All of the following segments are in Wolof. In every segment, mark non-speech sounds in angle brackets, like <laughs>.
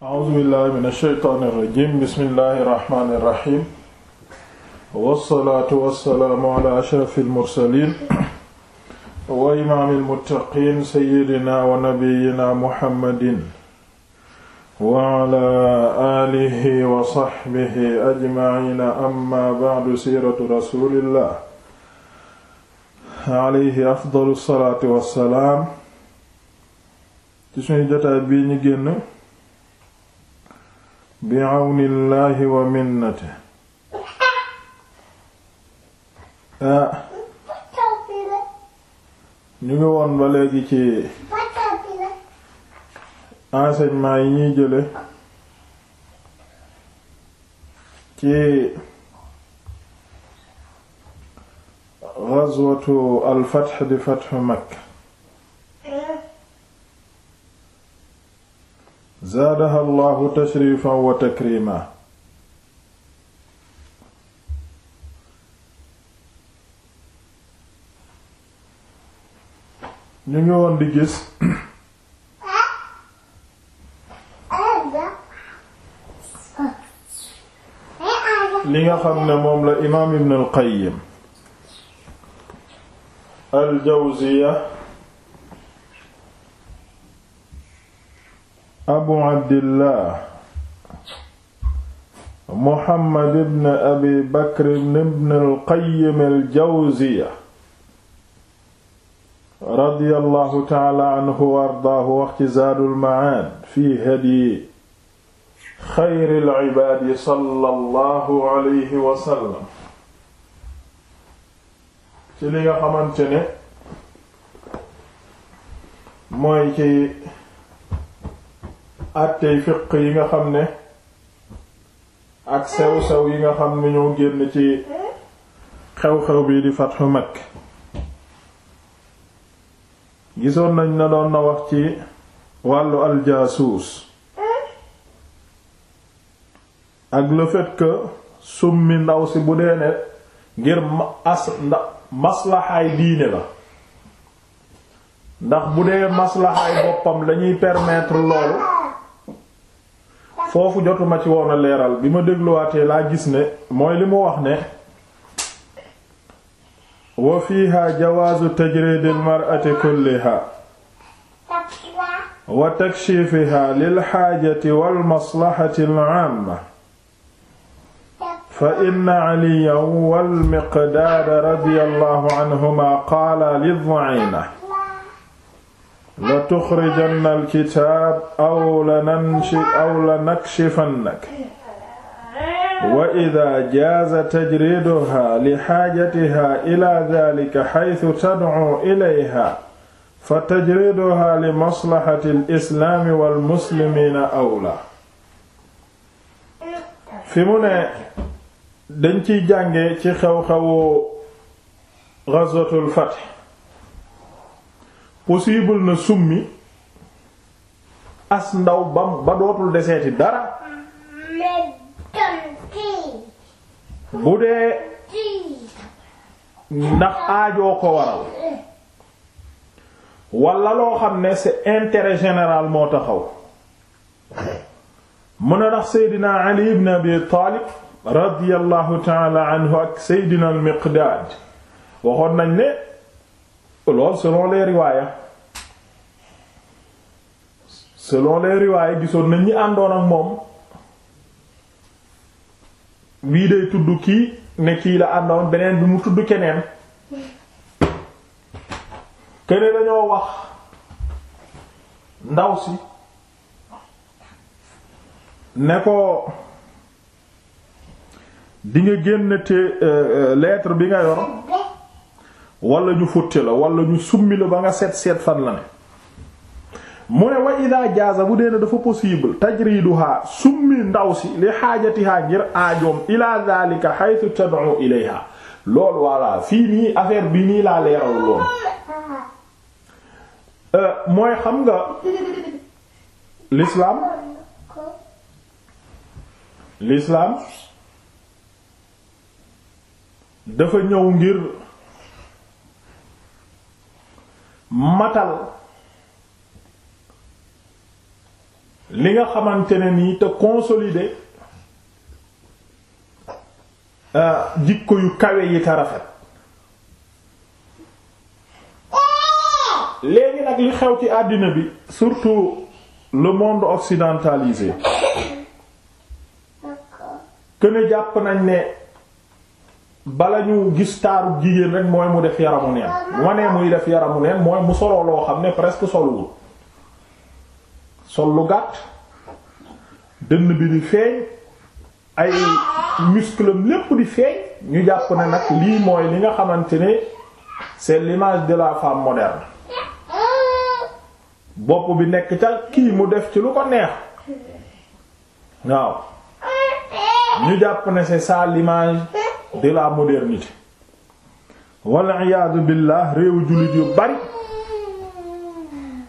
a'uuzu billahi min alsheytaani irrajim bismillahi irrahmaani irrahim wassalaatu wassalaamu ala ashraf almursalin wa imaami almuttaqin seyidina wa nabiyina muhammadin wa ala alihi wa saxbihi ajmaciina amma bacdu siiratu rasulillah alayhi afdalu salaatu wassalaam ci suñu jotaay bii ñu génn bi àwn illahi wa minnate ah. ñu ngi woon ba léegi ci enseignement yi ñuy jële ci ghazwatu al fath di fathu Makka zaadaha allahu tashrifan wa takrima ñu ngi woon di gis li nga xam ne moom la imaam ibn al qayyim al jawziya abu abdillah muhammad ibn abi bakr ibn al-qayyim al-jawziya radiyallahu taala anhu wa ardaahu wax ci zaadul ma'aad fi hadyi xayril ibaad sallallahu alayhi wa sallam ci li nga xamante ne mooy ci àttey fiq yi nga xam ne ak sew-sew yi nga xam ne ñoo génn ci xew-xew bi di fatxu Makka gisoon nañ na doon na wax ci wàllu aljaasuus ak le fait summi ndaw si bu dee ne ngir as diine la ndax bu dee maslaxaay boppam lañuy permettre loolu foofu jotuma ci woon a leeral bi ma dégluwaatee laa gis ne mooy li mu wax ne wa fiiha jawaazu tajriidil mar'ati kulliha wa takshifiha lil xaajati wal maslahati al aamma fa inna aliyan wal miqdaada radiyallahu anhuma qaala lil dha'ina la alkitaab aw la aw la nakshifannaka wa idaa jaaza tajriiduhaa li xaajatihaa ilaa daalika xaytu tadcuu ilayhaa fa li maslaxati alislaami fi mu ne dañ ciy jànge ci xew-xewu gazwatul possible na summi as ndaw bam ba dootul deseeti dara bu dee ndax aajoo ko waral walla loo xam ne c'est intérêt général moo taxaw mën a ndax seydina ali ibn abi taalib radiyallahu taala ak seydina al miqdaad waxoon nañ ne lool selon les riwaaya selon les riwaaya gisoon nañ ñi àndoon ak moom bii de tudd kii ne kii la àndoon beneen bi mu tudd keneen keneen dañoo wax ndaw si ne ko di génn te euh, euh, lettre bi nga yor wala ñu futti la wala ñu summi la ba nga seet seet fan la ne mu ne wa ida jaaza bu dee dafa possible tajriduha summi ndaw si li xaajatihaa ngir aajoom ila dhalika haythu tad'u ilayha loolu voilà fii nii affaire bi nii laa leeral lool euh, mooy xam nga l'islam l'islam dafa ñëw ngir matal li nga xamante ne nii te consolider euh, jikko yu kawe yi ta rafet léegi nag li xew ci àddina bi surtout le monde occidentalisé que ne jàpp nañ ne bala ñu gis taaru jigéen rek mooy mu def yaramu neen wanee muy def yaramu neen mooy mu soloo loo xam ne presque solwul sol lu gàtt dënn bi di feeñ ay musclam lépp di feeñ ñu jàpp ne nag lii mooy li nga xamante ne c'est l'image de la femme moderne bopp bi nekk ca kii mu def ci lu ko neex waaw ñu jàpp ne c'est ça l'image de la modernité walla iyaadu billaah réewu jullit yu bari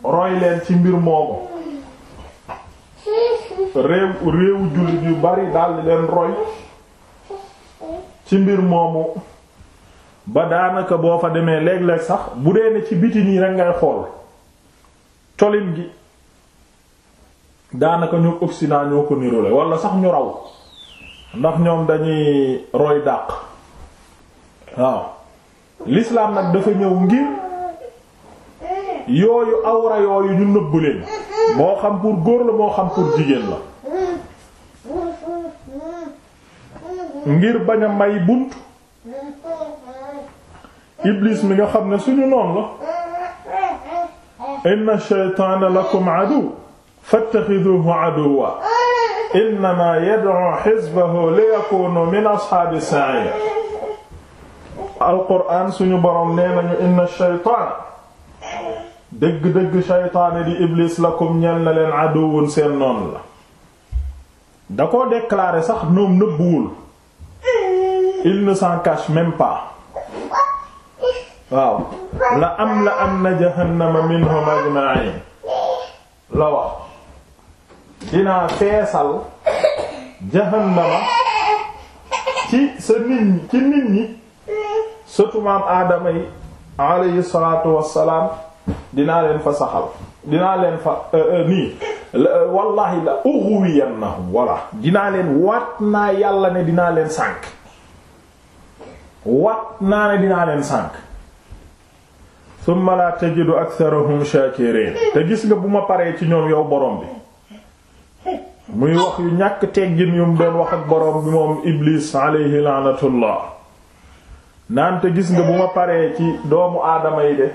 roy leen ci mbir moomu réew réewu jullit yu bari daldi leen roy ci mbir moomu ba daanaka boo fa demee léeg-léeg sax bu dee ne ci biti yi rekk xool colin gi daanaka ñu Occident ñoo ko nirole walla sax ñu raw ndax ñoom dañuy roy dàq waaw l'islam nag dafa ñëw ngir yooyu awra yooyu ñu nëbb leen moo xam pour góor la moo xam pour jigéen la ngir bañ a may bunt iblis mi nga xam ne suñu noon la inna shaytaana lakum adu fattaxiduhu aduwa innama yad'u hizbahu liyakunu min ashaabi sa'ir alquran suñu borom nee nañu inna shaytaan dëgg-dëgg shaytaane di iblis lakum ñel na leen aduwun seen noonu la da ko déclarer sax ñoom nëbbuwul il ne s'en cache même waaw la am la am na jahannama minhum ajma'in la wax dinaa feesal jahannama ci sa nit ñi ci nit aadama yi alayhi salaatu wassalaam dinaa leen fa saxal dinaa leen fa euh, euh, nii euh, wallahi la ughwiyannahum walla dinaa leen waat naa yàlla ne dinaa leen sànk waat naa ne dinaa leen sànk summa la tajidu aktharahum shakirin te gis nga bu ma paree ci ñoom yow borom bi muy wax yu ñàkk teggin yum doon wax ak boroom bi moom Iblis alayhi laanatullah naan gis nga bu ma paree ci doomu aadama yi de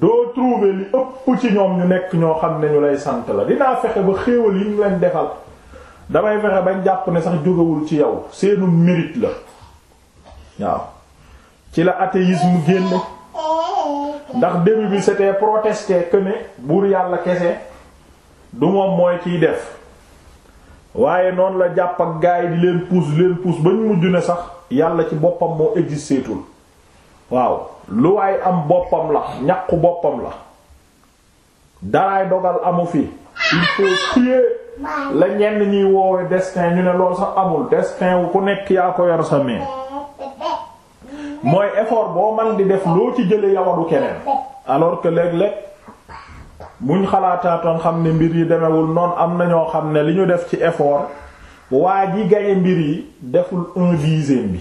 doo trouver ëpp ci ñoom ñu nekk ñoo xam ne ñu lay sant la dinaa fexe ba xéewal yi ñu leen defal damay fexe bañ jàpp ne sax jógawul ci yow seenu mérite la waaw ci la athéisme génn ndax début bi c'était protester que ne buur yàlla kese du moom mooy ciy def waaye noonu la jàpp ak gaay yi di leen puus leen puus ba ñu mujj ne sax yàlla ci boppam moo existeetul waaw lu ay am boppam la ñaqu boppam la daraay dogal amu fi il faut la ñenn ñiy woowe destin ñu ne lool sax amul destin wu ku nekk yaa ko yar sa main mooy effort boo man di def loo ci jële yawadu keneen alors que léeg buñ xalaataatoon xam ne mbir yi demewul noonu am na ñoo xam ne li ñu def ci effort waa ji gañe mbir yi deful un dixième bi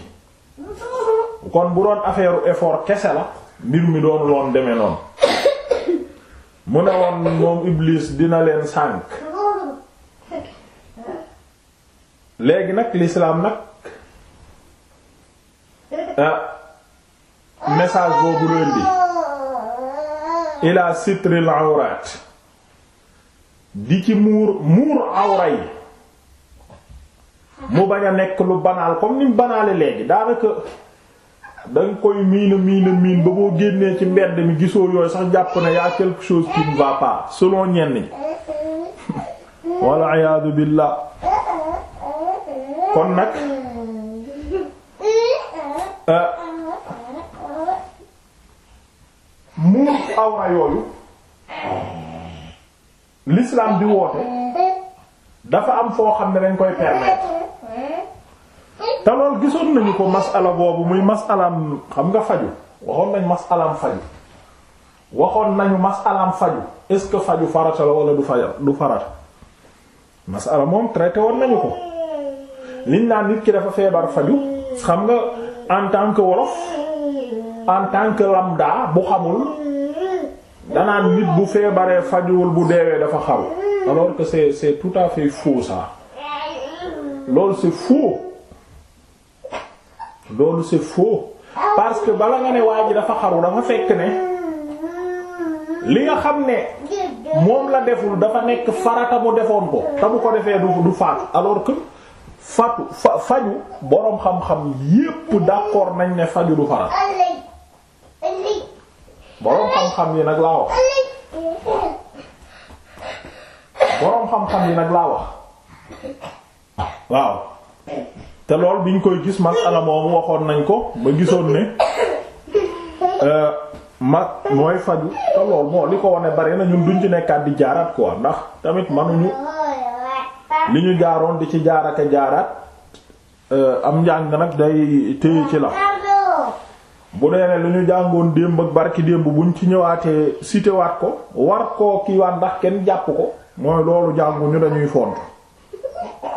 kon bu doon affaire effort kese la mbir mi doonu loon demee noon mu ne woon moom Iblis dina leen sànk léegi nag l'islam nag ah, message boobu leen di ila sitril awraat di ci muur muur awra yi mu bañ a nekk lu banaal comme ni mu banaale léegi daanaka danga koy miina miina miin ba boo génnee ci mbedd mi gisoo yooyu sax jàpp na yaa quelque chose qui ne va pas selon ñenn ñi walla iyaadu billaah kon nag euh, muur awra yooyu l'islam di woote dafa am foo xam ne dañ koy permettre te lool gisoon nañu ko masala boobu muy masalam xam nga faju waxoon nañ masalam faju waxoon nañu masalam faju est-ce que faju farata la wala du faya du farata masala moom traité woon nañu ko liñ naan nit ki dafa feebar faju xam nga en tant que wolof en tant que lambda bu xamul danaan nit bu feebaree fajuwul bu deewee dafa xaru alors que c'est c'est tout à fait faux ça loolu c'est faux loolu c'est faux parce que bala nga ne waa dafa xaru dafa fekk ne li nga xam ne moom la deful dafa nekk farata mu defoon ko te bu ko defee du du faatu alors que fatu faju boroom xam-xam yépp d'accord nañ ne faju du farata boroom xam-xam yi nag laa wax yi nag laa wax waaw te lool biñ koy gis masala moomu waxoon nañ ko ba gisoon ne euh, mag mooy faju te lool moo li ko wane bari na ñun duñ ci nekkaat di jaaraat quoi ndax tamit manuñu li ñu jaaroon di ci jaaraka jaaraat euh, am njàng nag day téye ci la bu dee ne lu ñu jàngoon démb ak barki démb buñ ci ñëwaatee cité waat ko war koo kiiwaat ndax kenn jàpp ko mooy loolu jàngu ñu dañuy font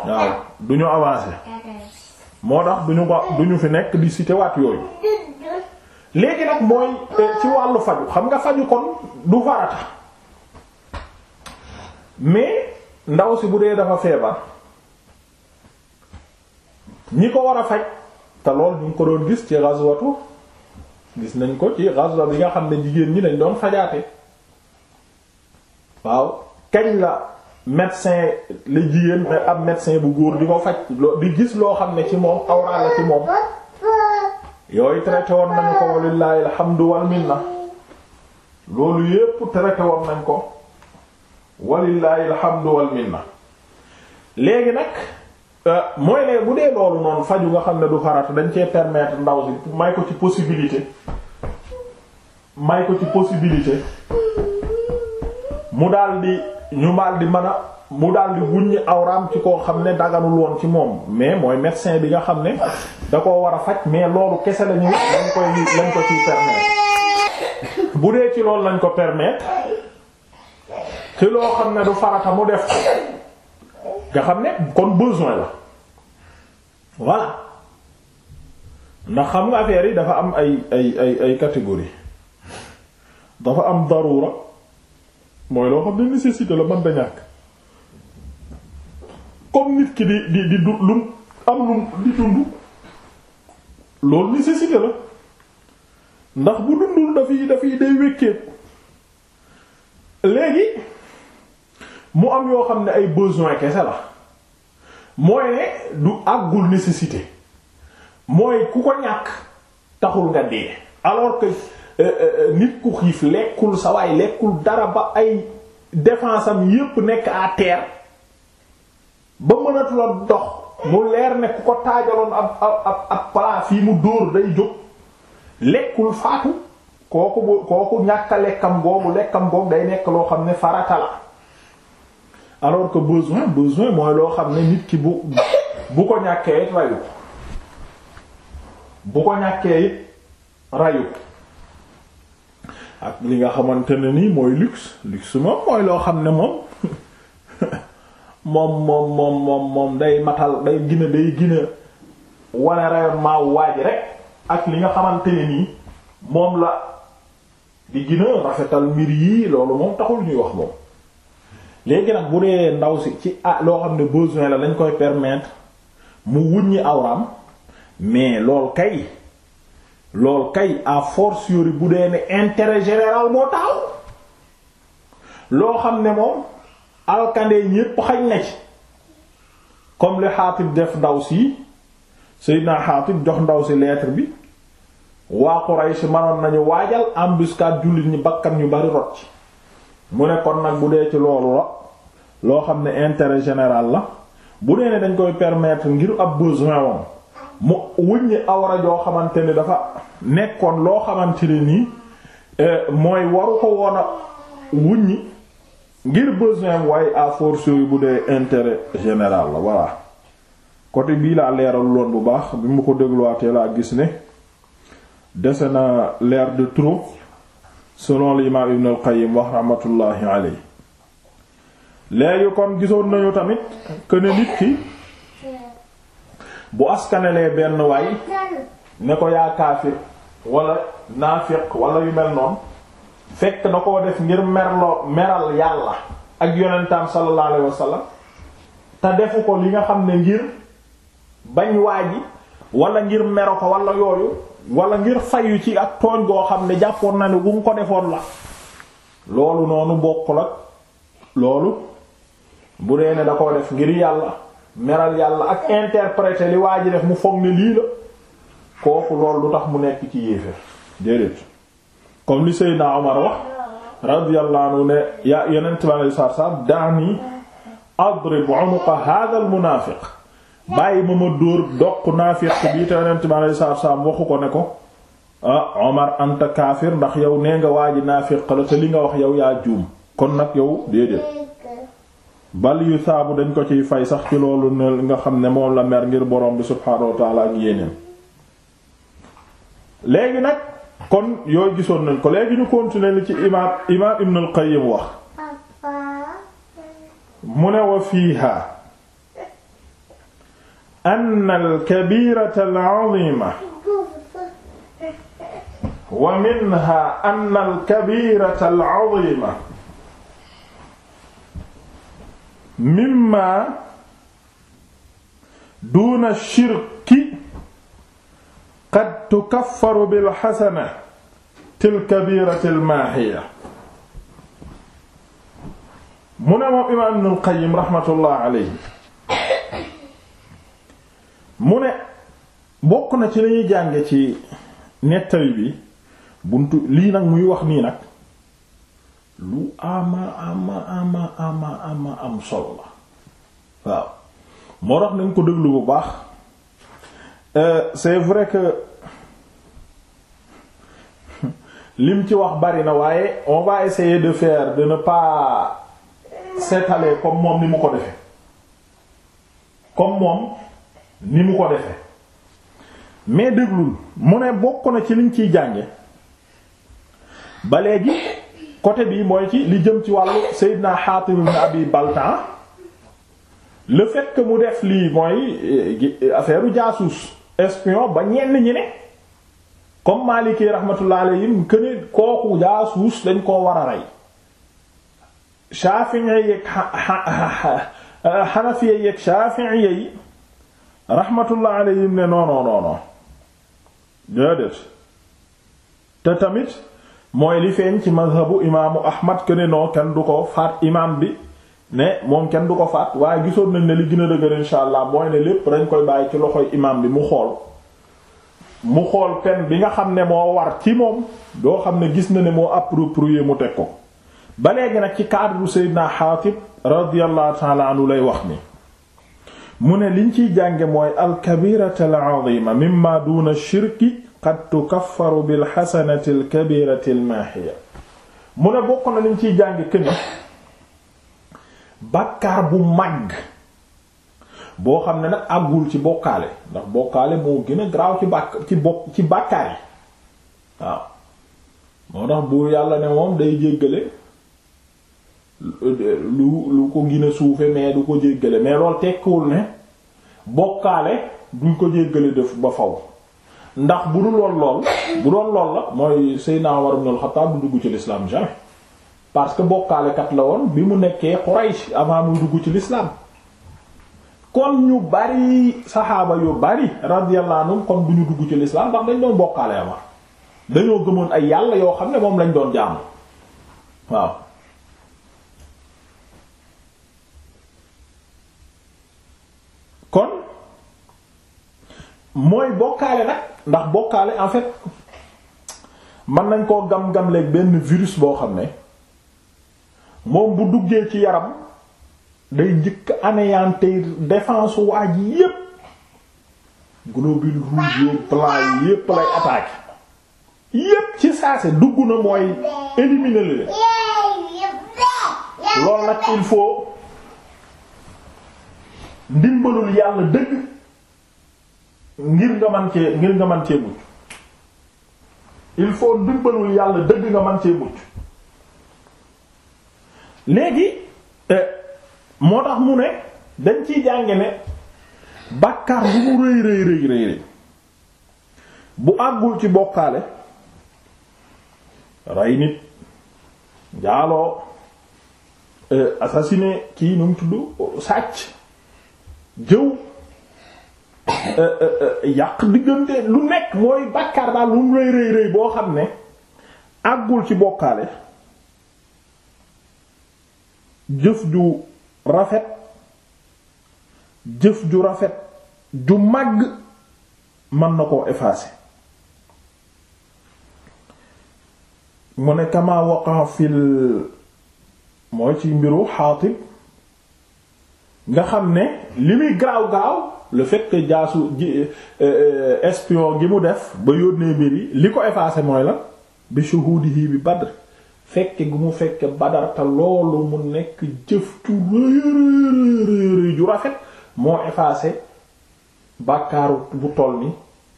waaw du ñu avancer moo tax du ñu fi nekk di cité waat yooyu léegi nag mooy eh, ci wàllu faju xam nga faju kon du farata mais ndaw si bu dee dafa feebar ñi ko war a faj te lool ñu ko doon gis ci ghazwatu gis nañ ko ci ghazwa bi nga xam ne jigéen ñi lañ doon fajaate waaw kañ la médecin la jigéen mais ab médecin bu góor di ko faj di gis loo xam ne ci moom awra ci moom yooyu traité woon nañu ko walillahi alhamdu wal minna loolu yépp traité woon nañ ko walillahi alhamdu wal minna léegi nag Euh, mooy ne bu dee loolu noonu faju nga xam ne du farata dañ cee permettre ndaw si may ko ci possibilité may ko ci possibilité mu daal di ñu mal di mën mu daal di wuññi awraam ci koo xam ne daganul woon ci moom mais mooy médecin bi nga xam ne da koo war a faj mais loolu kese la lañ koy lañ ko ciy permettre bu dee ci lool lañ ko permetre ci loo xam ne du farata mu def nga xam ne kon besoin la voilà ndax xam nga affaire yi dafa am ay ay ay ay dafa am darura mooy loo xam ne nécessité la man da ñàkk comme nit ki di di di du lu am lu di dund loolu nécessité la ndax bu dundul dafay dafay day wékkeeku léegi mu am yoo xam ne ay besoin kese la mooy ne du àggul nécessité mooy ku ko ñàkk taxul nga dee alors que euh, euh, nit ku xiif lekkul sa waay lekkul dara ba ay défense am yépp nekk à terre ba mënatul a dox mu leer ne ku ko taajaloon ab ab ab plat fii mu dóor day jóg lekkul faatu kooku bu kooku ñàkk a lekkam googu lekkam googu day nekk loo xam ne farata la alors que besoin besoin mooy loo xam ne nit ki bu bu ko ñàkkee it rayu bu ko ñàkkee it rayu ak li nga xamante ne nii mooy luxe luxe moom xam ne moom moom moom moom day matal day gina day gina wane rayonnement waaj rek ak li nga xamante ne nii moom la di gina rafetal mbir yii loolu moom taxul ñuy wax moom léegi nag bu dee ndaw si ci ah loo xam ne besoin la lañ koy permettre mu wuññi awraam mais lool kay lool kay à fortiori bu dee ne intérêt général moo taxaw loo xam ne moom alkande ñépp xañ na ci comme li Xaatib def ndaw si Seydina Xaatib jox ndaw si lettre bi waa Quraysh mënoon nañu waajal embuscade jullit ñi bakkan ñu bari rot ci mu nekkoon kon nag bu dee ci loolu la loo xam ne intérêt général la bu dee ne dañ koy permettre ngir ab besoin woon mu wuññi awra joo xamante ni dafa nekkoon loo xamante ne nii eh, mooy waru ko woon a wuññi ngir besoin waaye à force yi bu dee intérêt général la voilà côté bii laa leeral loon bu baax bi mu ko dégluwaatee laa gis ne dese na leer de trop. selon l'imam Ibn al-Qayyim wax rahmatullahi alayhi léegi kon gisoon nañu tamit que ne ki bu askanelee benn waay ne ko yaa kaafir wala naafiq wala yu mel noonu fekk na koo def ngir merloo meral yàlla ak yonentam sallallahu alayhi wa te defu ko li nga xam ne ngir bañ waa ji wala ngir mero ko walla yooyu wala ngir fayu ci ak tooñ goo xam ne jàppoon na ne bu mu ko defoon la loolu noonu bokk ak loolu bu dee ne da ko def ngir yàlla meral yàlla ak interpréter li waa ji def mu foog ne lii la kooku loolu lu tax mu nekk ci yéeféer déedéet comme li Seydina Omar wax radiyallahu anhu ne ya yeneen tibe ale saar daani adrib unuqa hadha al munafiq bàyyi ma ma dóor doq naafiq bi te yonent bi alayhi salaatu salaam waxu ko ne ko ah Omar anta kaafir ndax yow nee nga waa ji naafiq la te li nga wax yaw yaa juum kon nag yow déedéet bal yu saabu dañ ko ciy fay sax ci loolu ne nga xam ne moom la mer ngir borom bi subhaanahu wa ta'ala ak léegi nag kon yooyu gisoon nañ ko léegi ñu continuer li ci imaam imaam Ibn al-Qayyim wax mu ne wa fiiha anna al-kabiirata al-'aziima wa minhaa anna al-kabiirata al-'aziima mimmaa duuna ash-shirki qad tukaffaru bil-hasana til-kabiirati al-maahiya mu ne moom imaam Ibnul Qayyim rahmatullahi alayhi mu ne bokk na ci lañuy jànge ci nettali bi buntu lii nag muy wax nii nag lu ama ama ama ama am solo la waaw moo tax nañ ko déglu bu baax euh, c'est vrai que <laughs> lim ci wax bari na waaye on va essayer de faire de ne pas s'étaler comme moom ni mu ko defe comme moom ni mu ko defee mais déglul mu ne bokk na ci liñ ciy jànge ba léegi côté bii mooy ci li jëm ci wàllu Seydina Hatib ibn Abi Baltan le fait mu def lii mooy eh, affaire u jaasuus espion ba ñenn ñi ne comme Maliki rahmatullah alayhim que ne kooku jaasuus dañ koo war a rey Shafi'i yeeg Hanafi yeeg Shafi'i yi rahmatullah alayhim ne non non non non te tamit mooy li feeñ ci mazhabu imaamu Ahmad que ne non kenn du ko faat imaam bi ne moom kenn du ko faat waaye gisoon nañ ne li gën dëgër insha mooy ne lépp dañ koy bàyyi ci loxoy imaam bi mu xool mu xool pen bi nga xam ne moo war ci moom doo xam ne gis na ne moo approprié mu teg ko ba léegi nag ci cadre Seydina Xaatib radiyallahu ta'ala anhu lay wax ni mu ne liñ ciy jànge mooy alkabirata alazima mimma duna shirki qad tukaffaru bilxasanati alkabirati almaahiya mu ne bokk na liñ ciy jànge këni bàkkaar bu màgg boo xam ne nag àggul ci bokkaale ndax bokkaale moo gën a ci bàkk ci bokk ci bàkkaar yi waaw moo tax buur yàlla ne moom day jéggale lu lu ko gën a mais du ko jéggale mais loolu tekkiwul ne bokkaale duñ ko jéggale def ba faw ndax bu dul woon lool bu doon lool la mooy Seydina Umar ibn al-Khattab du dugg ci l'islam jamais parce que bokkaale kat la woon bi mu nekkee Quraysh avant muy dugg ci l'islam kon ñu bari saxaaba yu bari radiyallahu anhum kon bu ñu dugg ci l'islam ndax dañ doon bokkaale ama dañoo gëmoon ay yàlla yoo xam ne moom lañ doon jaamu waaw kon mooy bokkaale nag ndax bokkaale en fait mën nañ koo gam gamle benn virus boo xam ne moom bu duggee ci yaram day njëkk anéantir défense waa ji yépp globules rouges blancs yépp lay attaquer yépp ci saase dugg na mooy éliminer leen nag il faut ndimbalul yàlla dëgg ngir nga man cee ngir nga man cee mucc il faut ndimbalul yàlla dëgg nga man cee mucc léegi eh, moo tax mu ne dañ ciy jànge ne bàkkaar bu mu rëy rëy rëy rëy bu àggul ci bokkaale rey nit njaaloo eh, assassiné kii nu mu tudd sàcc jëw <coughs> euh, euh, euh, yàq diggante lu nekk mooy bàkkaar daal lu rëy rëy boo xam ne àggul ci bokkaale jëf ju rafet jëf ju rafet ju màgg mën na ko effacer mu ne kama waqa mooy ci mbiru Xaatib nga xam ne li muy gaaw gaaw la fekk que jaasu euh, euh, espion gi mu def ba yónnee mbir yi li ko effacé mooy la bi shuhudihi bi Badr fekke gu mu fekke Badar te loolu mu nekk jëf ju ju rafet moo effacé bàkkaaru bu toll ni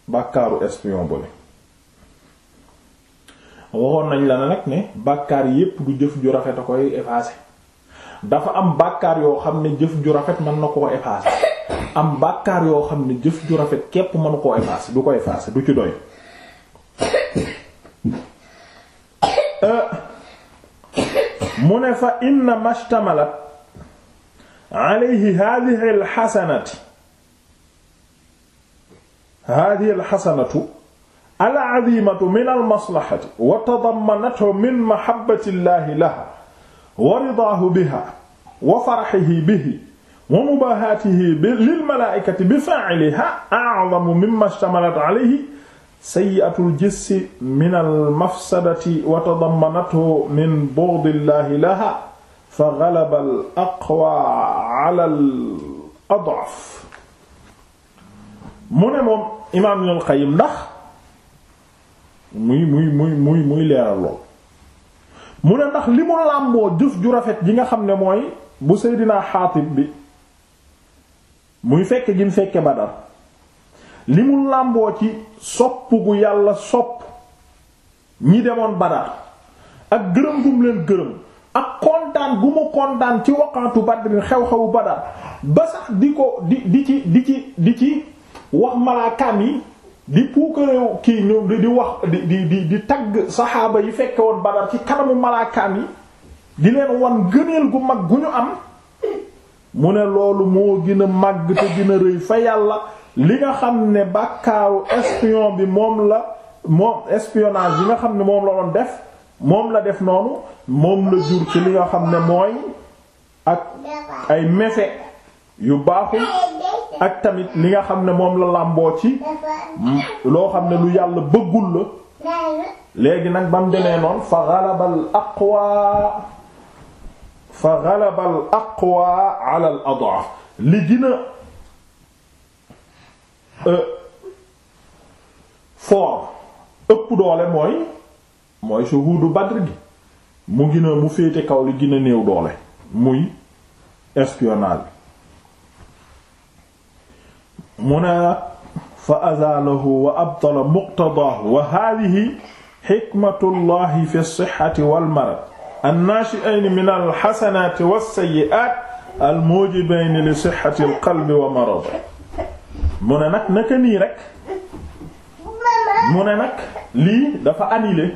bàkkaaru espion bu ne waxoon nañ la ne nag ne bàkkaar yépp du jëf ju rafet a koy effacé dafa am bàkkaar yoo xam ne jëf ju rafet mën na koo effacer am bàkkaar yoo xam ne jëf ju rafet képp mënu koo effacer du ko effacer du ci doy euh, mu ne fa inna mashtamalat alayhi hadhihi alxasanati hadhihi alxasanatu alazimatu min almaslahati wa tadammanathu min mahabbati llahi laha wa ridaahu biha wa faraxihi bihi wa mubahaatihi lil malaa'ikati bi faa'iliha a'zamu mimma ishtamalat alayhi sayyi'atul jissi min al-mafsadati wa tadammanathu min bughdillaahi laha fa ghalaba al-aqwa 'ala al-ad'af mu ne moom imaam Ibnul Qayyim ndax muy muy muy muy muy leeral lool mu ne ndax li mu làmboo jëf ju rafet ji nga xam ne mooy bu Seydina Xaatib bi muy fekke gi mu fekke Badar li mu làmboo ci sopp gu yàlla sopp ñi demoon Badar ak gërëm gum leen gërëm ak kontaan gu mu kontaan ci waqantu Badrin xew-xewu Badar ba di ko di di ci di ci di ci wax malaakaan yi di puukareew kii ñoom di wax di di di di tagg saxaaba yi fekke woon Badar ci kanamu malaakaan yi di leen wan gëneel gu mag gu ñu am mu ne loolu moo gën a màgg te gën a rëy fa yàlla li nga xam ne bàkkaaru espion bi moom la moom espionnage bi nga xam ne moom la doon def moom la def noonu moom la jur ci li nga xam ne mooy ak ay méfaits yu baaxul ak tamit li nga xam ne moom la làmboo ci loo xam ne lu yàlla bëggul la léegi nag ba mu demee noonu fa ghalabal aqwa fa ghalabal aqwa ala al li gën a euh, fort ëpp doole mooy mooy shuhudu Badr gi mu gën a mu féete kaw li gën a néew doole muy espionnage mu ne fa azaalahu wa abtala muqtadaahu wa haadihi xikmatullahi fi sixati walmarad annaashi'ayni min alxasanaati wassayi'aat almuujibayni li sixati nag naka nii rek mu ne nag lii dafa annulé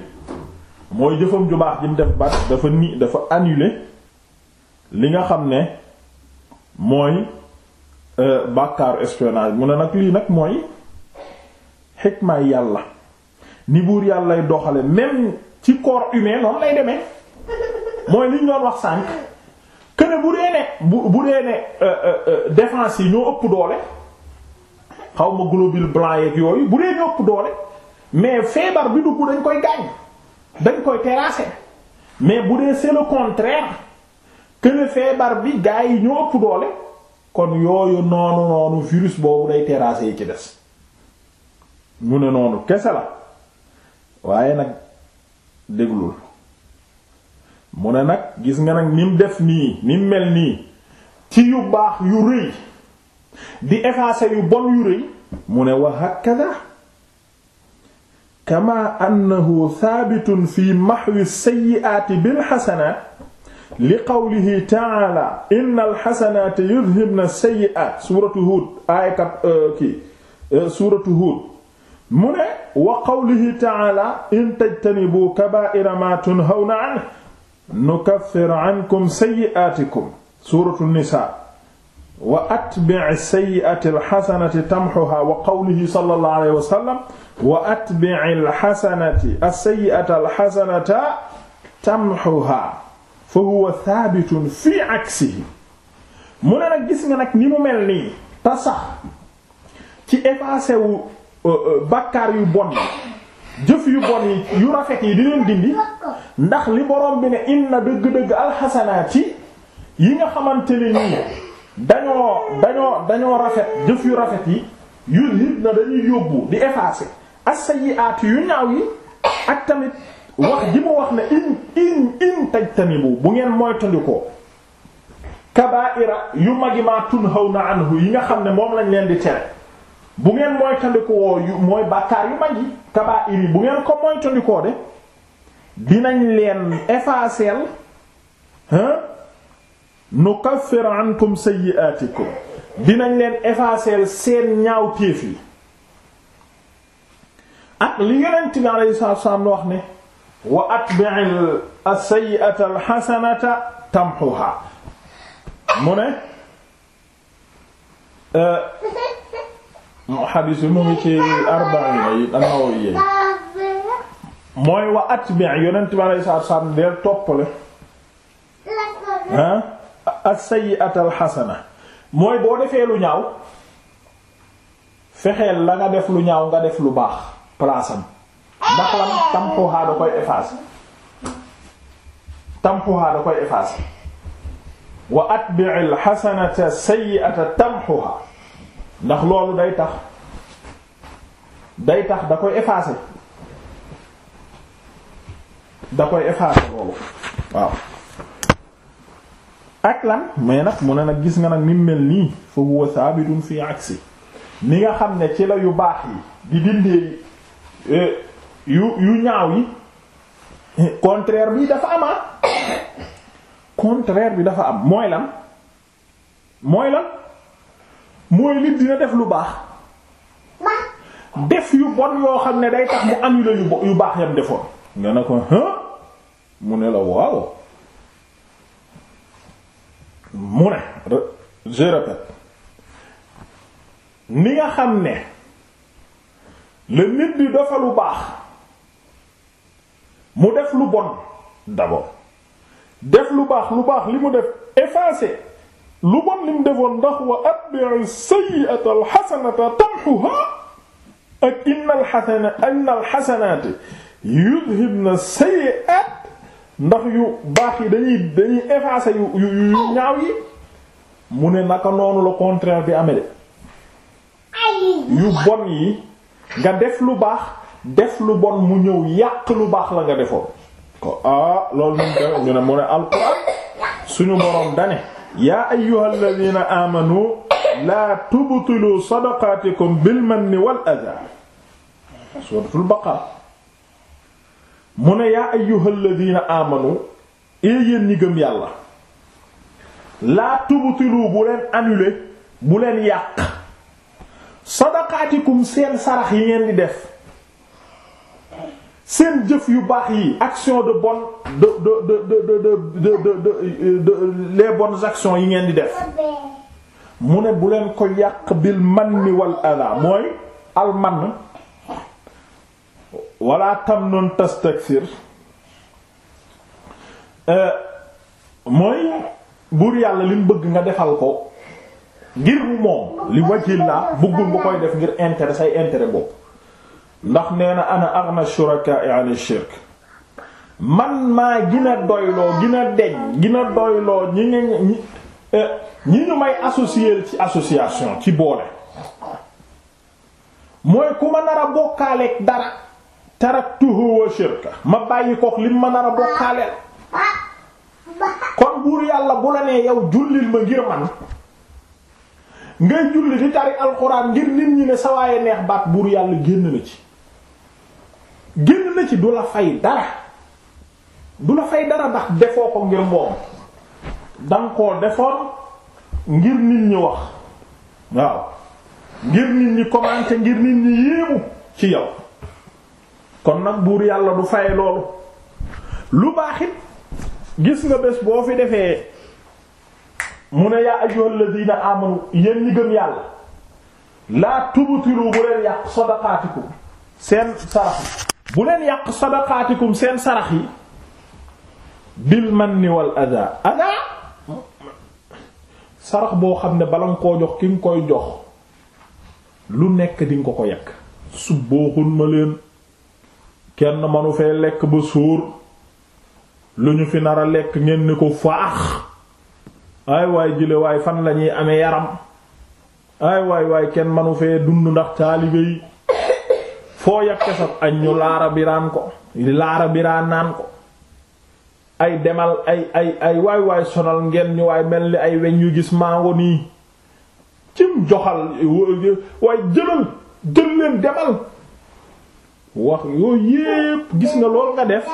mooy jëfam ju baax ji mu def baat dafa nii dafa annulé li nga xam ne mooy Euh, bàkkaaru espionnage mu ne nag lii nag mooy xikmaay yàlla ni buur yàllay doxale même ci corps humain noonu lay demee mooy liñ doon wax sànq que bu dee ne bu bu dee ne euh, euh, défense yi ñoo ëpp doole xaw ma globule blanc yeeg yooyu bu dee ñoo ëpp doole mais feebar bi dugg dañ koy gaañ dañ koy terrasser mais bu dee c'est le contraire que feebar bi gaa yi ñoo ëpp doole. kon yooyu noonu noonu virus boobu day terrasser yi ci des mu ne noonu kese la waaye nag déglul mu ne nag gis nga nag ni def nii ni mu mel nii ci yu baax yu rëy di effacer yu bon yu rëy mu ne wa hakada kama annahu thabitun fii mahwi sayyi'ati bil hasanat li qawlihi ta'ala innal xasanaati yudhibna sayyi'aat suuratu Huud aaya euh, kii euh, suuratu Huud mu ne wa qawlihi ta'ala in tajtanibuu kabaa'ira maa tunhawna anhu nukaffir ankum sayyi'aatikum suuratu Nisaa wa atbi'i sayyi'ata alxasanati tamhuhaa wa qawlihi sallallahu alayhi wa sallam wa atbi'i alxasanati as-sayyi'ata alxasanata tamhuhaa fa huwa thabitun fii aksihi mu ne nag gis nga nag ni mu mel nii te sax ci effacé wu euh, euh, bakkaar yu bon jëf yu bon yi yu rafet yi di leen dindi ndax li borom bi ne inna dëgg-dëgg alxasanaati yi nga xamante ne nii dañoo dañoo dañoo rafet jëf yu rafet yi yu nit na dañuy yóbbu di effacé as-sayyi'aati yu ñaaw yi ak tamit wax ji mu wax ne in in in tajtanibu bu ngeen moytandikoo kabaa'ira yu mag yi magi maa tunhawna anhu yi nga xam ne moom lañ leen di tere bu ngeen moytandikoo yu mooy bàkkaar yu mag yi kabaa'ir yi bu ngeen ko moytandikoo de dinañ leen effacer hein nukaffir ankum sayyi'atikum dinañ leen effacer seen ñaaw téef yi ak li yonent bi alayhi salaatu wa salaam wax ne wa atbi'il as-sayyi'ata al-hasanata tamhuha mu ne euh, mu xadiis bi mu ngi ci arba'iina yi an-Nawawi mooy wa atbi' yonent bi alayhi salaatu salaam deel toppale ah as-sayyi'ata al-hasana mooy boo defee lu ñaaw fexeel la nga def lu ñaaw nga def lu baax palaasam ndax lan tamxuhaa da koy effacer tamxuhaa da koy effacer wa atbi'il hasanata day tax day tax da koy da koy effacer loolu waaw ak lan mais nag mu ne nag gis nga nag ni mel nii fa huwa saabitun fi aksi ni nga xam ne ci la yu baax yi di dindee eh, yu yu ñaaw yi contraire bi dafa am ah. contraire bi dafa am mooy lan mooy lan mooy nit dina def lu baax def yu bon yoo xam ne day tax mu annuler yu baax yam defoon nga ne ko mu ne la waaw mu ne je ni nga xam ne le nit di dafa baax mu def lu bon d'abord def lu baax lu baax li mu def effacer lu bon li defoon ndax wa atbi'i sayyi'ata alxasanata tamhuha ak inna alxasana inna alxasanaati na sayyi'at ndax yu baax yi dañuy dañuy effacer yu ñaaw yi mu ne naka noonu le contraire bi ame de yu bon yi nga def lu baax def lu bon mu ñëw yàq lu baax la nga defoon ko ah loolu ñu def ñu ne mu ne alxuraan suñu boroom dane yaa ayyuhal ladina amanu laa tubtilu sadaqaatikum bil manni wal adha suuratul baqara mu ne yaa ayyuhal ladina amanu eh, yéen ñi gëm yàlla laa tubtilu bu leen annuler bu leen yàq sadaqaatikum seen sarax yi ngeen di def seen jëf yu baax yi action de bonne de de de de de de les bonnes actions yi ngeen di def mu ne bu leen ko yàq bil manni wal ala mooy al mann wala tamnun tastakthir mooy buur yàlla li mu bëgg nga defal ko ngir moom li wajil la bëggul nga koy def ngir intérêt say intérêt bopp ndax nee na ana aghna shuraka'i 'an shirk man maa gina doyloo gina deñ gina doyloo ñi nga ñi ñi eh, ñu may associer ci association ci boole mooy ku ma nar a dara taraktuhu wa shirka ma bàyyi kook lim ma nar a bokkaaleel kon buur yàlla bu la nee yow jullil ma ngir man ngay julli di tari alxuraan ngir nit ñi ne sawaaye neex baat buur yàlla génn na ci génn na ci du la fay dara du la fay dara ndax defoo ko ngir moom danga koo defoon ngir nit ñi wax waaw ngir nit ñi commenter ngir nit ñi yéemu ci yow kon nag buur yàlla du fay loolu lu baaxit gis nga bés boo fi defee mu ne yaa ayyuhal ladina amanu yéen ñi gëm yàlla laa tubtilu bu leen yàq sadaqaatikum seen sarax bu leen yàq sadaqaatikum seen sarax yi bil man wal adha adha sarax boo xam ne bala nga koo jox ki nga koy jox lu nekk di nga ko ko yàq subbooxun ma leen kenn manu fee lekk ba suur lu ñu fi nar a lekk ngeen ni ko faax ay waay jile waay fan lañuy amee yaram ay waay waay kenn manu fee dund ndax taalibe foo yàkke sab añ ñu laara biraan ko laara biraan naan ko ay demal ay ay ay waay waay sonal ngeen ñu waay mel ni ay weñ yu gis mango nii cim joxal waay jëlal jël leen demal wax yooyu yépp gis nga lool nga def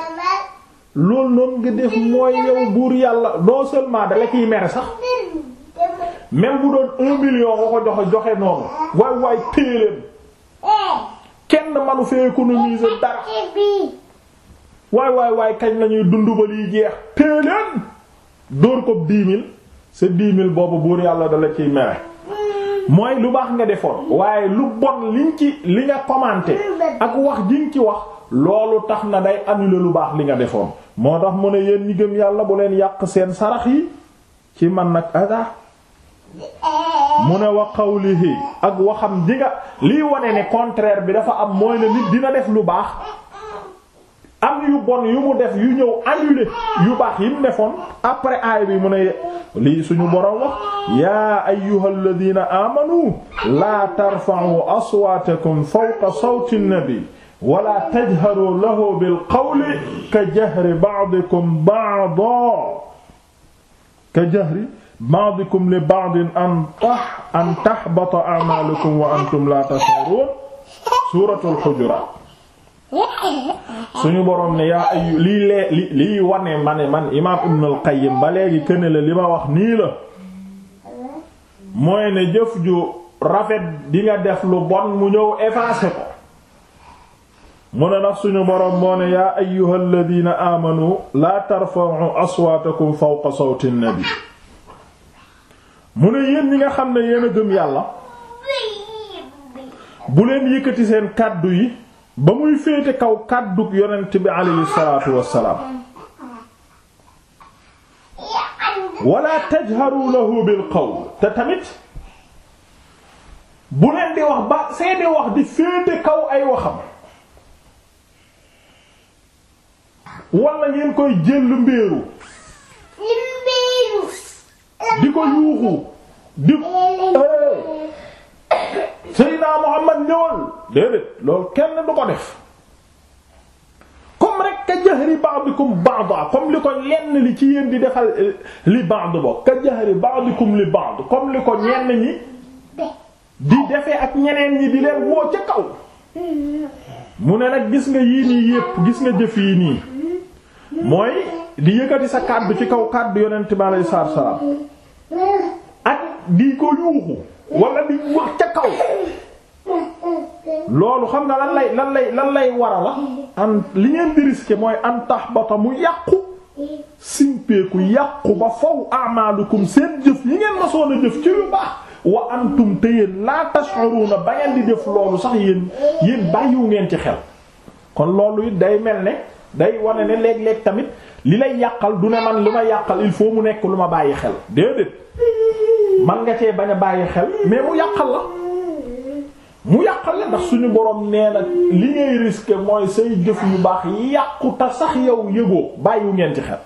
loolu noonu nga def mooy yow buur yàlla non seulement dala ciy mere sax même bu doon un million nga ko joxe joxe noonu waay waay téye leen kenn manu fee économiser dara waay waay waay kañ lañuy dund ba liy jeex téeléen dóor ko dix mille sa dix mille boobu buur yàlla dala ciy mere mooy lu baax nga defoon waaye lu bon liñ ci li nga commenté ak wax jiñ ci wax loolu tax na day annuler lu baax li nga defoon moo tax mu ne yéen ñi yàlla bu leen yàq seen sarax yi ci man nag ada mu ne wa qawlihi ak waxam ji nga wone ne contraire bi dafa am mooy ne nit dina def lu baax am yu bon yu mu def yu ñëw annulé yu baax yi defoon après aay bi mu ne lii suñu boroom wax yaa ayyuhal ladina amanu laa tarfa'u aswaatakum fawqa sawti nabi wala tajharu lahu bil qawli ka jahri ba'dikum ba'dan ka jahri ba'dikum li ba'din an tah an tahbata a'malukum wa antum la tash'urun suuratul Hujurat suñu borom ne yaa ay lii lee lii wane ma ne man imaam Ibn al ba léegi këne la li ma wax nii la mooy ne jëf ju rafet di def lu bon mu ñëw effacer ko mu ne nag suñu borom moo ne yaa ayyuhal ladina amanu la tarfa'u aswatakum fawqa sawti an-nabi mu ne yéen ñi nga xam ne yéen a gëm yàlla bu leen yëkkati seen kàddu yi ba muy féete kaw kàddu yonent bi aleyhi salaatu wassalaam wala tajharu lahu te tamit bu leen wax ba wax di féete kaw ay waxam wala ngeen koy jël mbéeru di ko yuuxu di eh, Seydina Muhammad ñëwal déedéet loolu kenn du ko def comme rek ka jahri ba'dikum ba'da comme li ko lenn li ci yéen di defal eh, li ba'd bok ka jahri ba'dikum li ba'd comme li ko ñenn ñi di defee ak ñeneen ñi di leen woo ca kaw mu ne nag gis nga yii nii yépp gis nga jëf yii nii mooy di yëkkati sa kàddu ci kaw kàddu yonent bi alayhi salaam ak di ko yuuxu wala di wax ca kaw loolu xam nga lan lay lan lay lan lay war la ah? li ngeen di risqué mooy an tahbata mu yàqu simpeeku yàqu ba faw amalukum seen jëf yi ngeen masoon a jëf ci lu baax wa antum te yéen laa tash'uruna ba ngeen di def loolu sax yéen yéen bàyyiwu ngeen ci xel kon loolu it day mel ne day wone ne léeg-léeg tamit li lay yàqal du ne man li ma yàqal il faut mu nekk lu ma bàyyi xel déedéet man nga cee bañ a bàyyi xel mais mu yàqal la mu yàqal la ndax suñu borom nee na li ngay risquer mooy say jëf yu baax yàqu ta sax yow yëgoo bàyyiwu ngeen ci xel.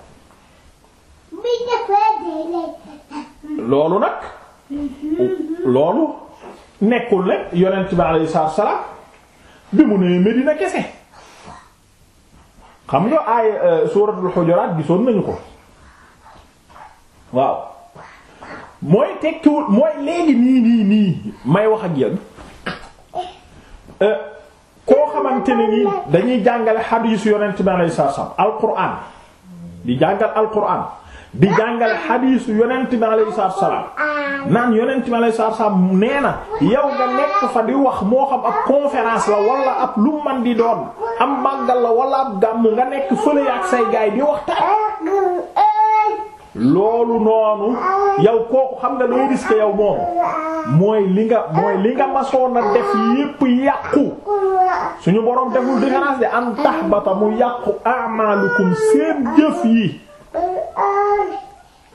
loolu nag. loolu nekkul ne yonent bi alayhi salaam bi mu nee Medina kese. xam nga aaya euh, suuratul xujuraat gisoon nañu ko waaw mooy tekkiwul mooy léegi nii nii nii may wax ak yéen euh, koo xamante ne nii dañuy jàngale xadiisu yonent bi alayhi salaam alquran di jàngal alquran. di jàngale xadiisu yonent bi alayhi salaatu wa salaam naan yonent bi alayhi salaam nee na yow nga nekk fa di wax moo xam ab conférence la wala ab lu man di doon am màggal la wala ab gàmmu nga nekk fële ak say gaay di waxtaan loolu noonu yow kooku xam nga looy risque yow moom mooy li nga mooy li nga masoon a def yépp yàqu suñu boroom deful différence de an tahbata mu yàqu amalukum seen jëf yi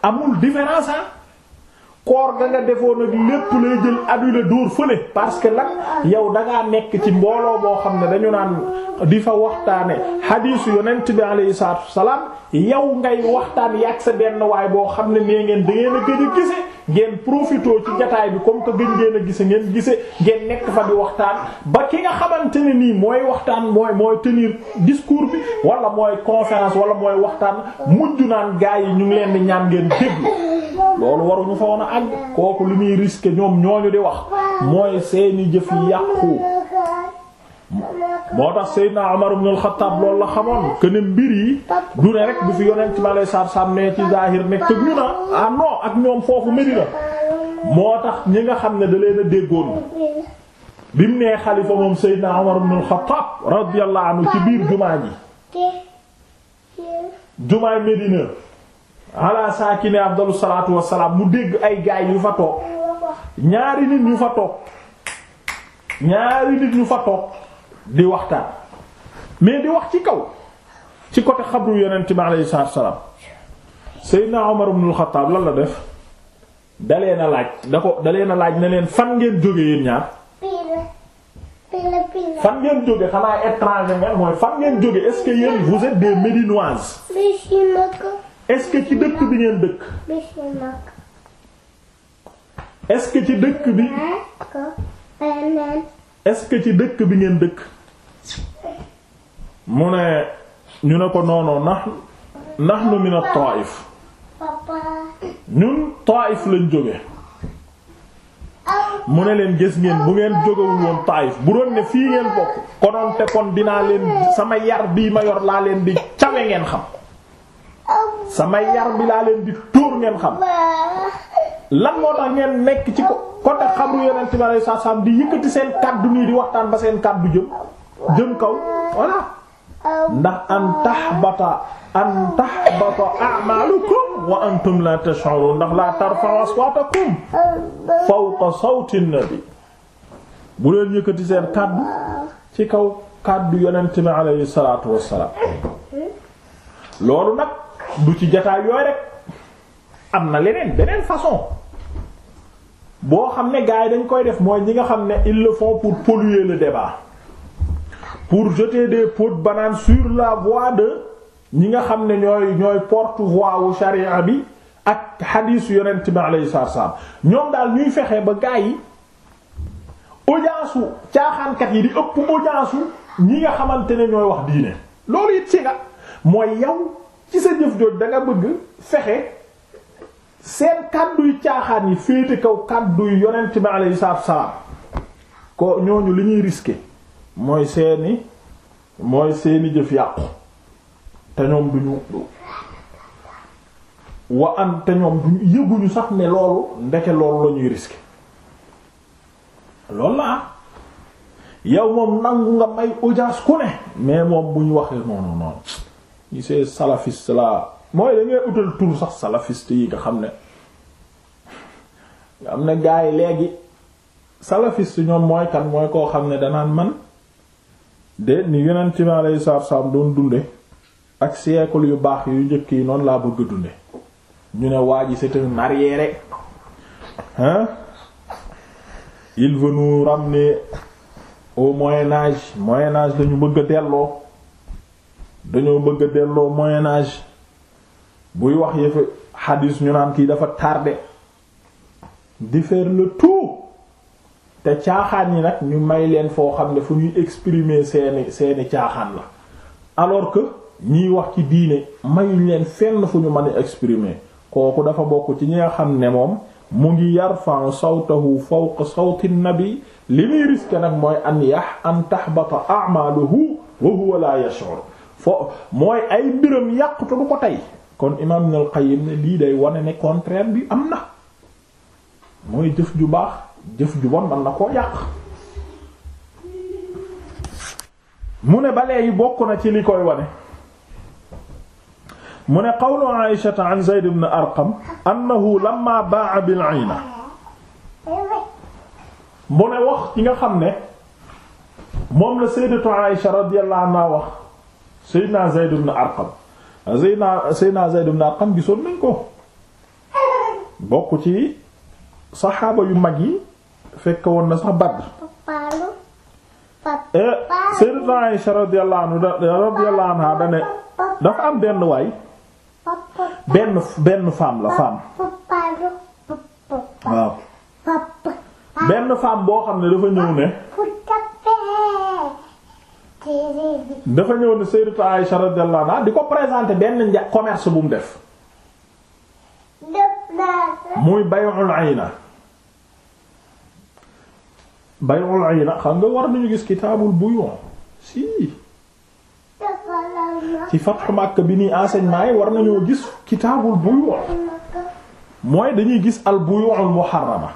amul différence ah koor ga defoon ak lépp lay jël adule dóor fële parce que nag yow dangaa nekk ci mbooloo boo xam ne dañu naan di fa waxtaane xadiisu yonent bi alayhi salaatu wa salaam yow ngay waxtaan yàgg sa benn waay boo xam ne nee ngeen da ngeen a gëj a gise ngeen profitoo ci jataay bi comme que gën ngeen a gise ngeen gise ngeen nekk fa di waxtaan ba ki nga xamante ne mooy waxtaan mooy mooy tenir discours bi walla mooy conference wala mooy waxtaan mujj naan gaa yi ñu ngi leen di ñaan ngeen déglu loolu waruñu fa woon a àgg kooku li muy risqué ñoom ñooñu di wax mooy seeni jëf yàqu moo tax Seydina Umar ibn al-Khattab loolu la xamoon que mbir yi du ne rek bu fi yonent ma lay sar sam ci zahir nekk tëg ñu na ah non ak ñoom foofu Medina moo tax ñi nga xam ne da leen déggoon bi mu nee xalifa moom Seydina Umar ibn al-Khattab radiyallahu ci biir jumaa ji jumaa Medina ala saakine afdalu salaatu wassalaam mu dégg ay gaay yu fa toog ñaari nit yu fa toog ñaari nit ñu fa toog di waxtaan mais di wax ci kaw ci côté xabru yonent bi alayhi salaam Seydina Omar ibn al-Khattab lan la def dalee na laaj da ko dalee na laaj ne leen fan ngeen jóge yéen ñaar fan ngeen jóge xanaa étranger ngeen mooy fan ngeen jóge est-ce que yéen vous êtes ci dëkk bi ngeen dëkk est ci dëkk bi est-ce que ci dëkk bi ngeen dëkk mu ne ñu ne ko noonoo nax nahnu min at-Taif ñun Taif lañ jóge mu ne leen gis ngeen bu ngeen jógewul woon Taif bu doon ne fii ngeen bokk konoon te kon dinaa leen sama yar bii ma yor laa leen bi cawe ngeen xam sama yar bi laa leen bi tuur ngeen xam lan moo tax ngeen nekk ci côté xabru yonent bi alayhi salaam di yëkkati seen kàddu nii di waxtaan ba seen kaddu jëm jëm kaw voilà ndax an tahbata an tahbata a'malukum wa antum la tash'urun ndax la tarfa'u aswatakum kaw kaddu yonent ci am na leneen beneen façon boo xam ne gars yi dañ koy def mooy ñi nga xam ne il le font pour polluer le débat pour jeter des pots de sur la voie de ñi nga xam ne ñooy ñooy porte-voix wu charia bi ak xadiisu yonent bi alayhi salaam ñoom daal ñuy fexe ba gars yi audience u caaxaankat yi di ëpp audience u ñi nga xamante ne ñooy wax diine loolu it ci nga mooy yow ci sa jëf jooj da nga bëgg fexe. seen kàdduy caaxaan yi féete kaw kàdduy yonent bi alayhi salaatu salaam ko ñooñu li ñuy risqué mooy seeni mooy seeni jëf yàqu te ñoom duñu wa an te ñoom duñu yëguñu sax ne loolu ndeke loolu la ñuy risqué loolu la ah. yow moom nangu nga may audience ku ne mais moom bu ñu waxee noonu noonu ñu see salafiste la mooy dañuy utal tur sax salafiste yi nga xam ne nga am na gaa yi léegi salafiste ñoom mooy kan mooy koo xam ne danaan man de ni yeneen ci lay saaf saaf doon dunde ak siècle yu baax yu njëkk yi noonu laa bëgg dunde ñu ne waa ji c'est un arriéré hein il veut nous ramener au Moyen Âge Moyen Âge dañu bëgg delloo dañoo bëgg a delloo Moyen Âge buy wax yëfi xadis ñu naan kii dafa tardé di faire le tout te caaxaan yi nag ñu may leen foo xam ne fu ñuy exprimer seeni seeni caaxaan la alors que ñiy wax ci diine mayuñ leen fenn fu ñu mën a exprimer kooku dafa bokk ci ñi nga xam ne moom mu ngi yarfa'u sawtahu fawqa sawti nabi li muy risque nag mooy an am an tahbata a'maluhu wa huwa la yash'ur fo mooy ay mbiram yàqu du ko tey kon imaam Ibn al lii day wane ne contraire bi am na mooy jëf ju baax jëf ju bon man na koo yàq mu ne balee yi bokk na ci li koy wane mu ne qawlu Aisha an Zayd ibn Arqam annahu lamma baa'a bil ayna mu ne wax ki nga xam ne moom la sayyidatu Aisha radiyallahu anha wax sayyidina Zayd ibn Arqam Ah, Seyna Seyna Zayd ibn Arqam gisoon nañ ko bokk ci saxaaba yu mag yi fekk woon na sax Badr eh, Sayyidatuna Aïsha radiyallahu anha dane dafa am benn waay benn benn femme la femme waaw benn femme boo xam ne dafa ñëw ne dafa ñëw ne Sayyidatu Aïsha radiyallahu di ko présenter benn nja commerce bu mu def muy bay'ul ayna bay'ul ayna xam nga war nañu gis kitaabul buyoon si ci Fathu Makka bi nii enseignement yi war nañoo gis kitaabul buyoon mooy dañuy gis al buyu'ul muharrama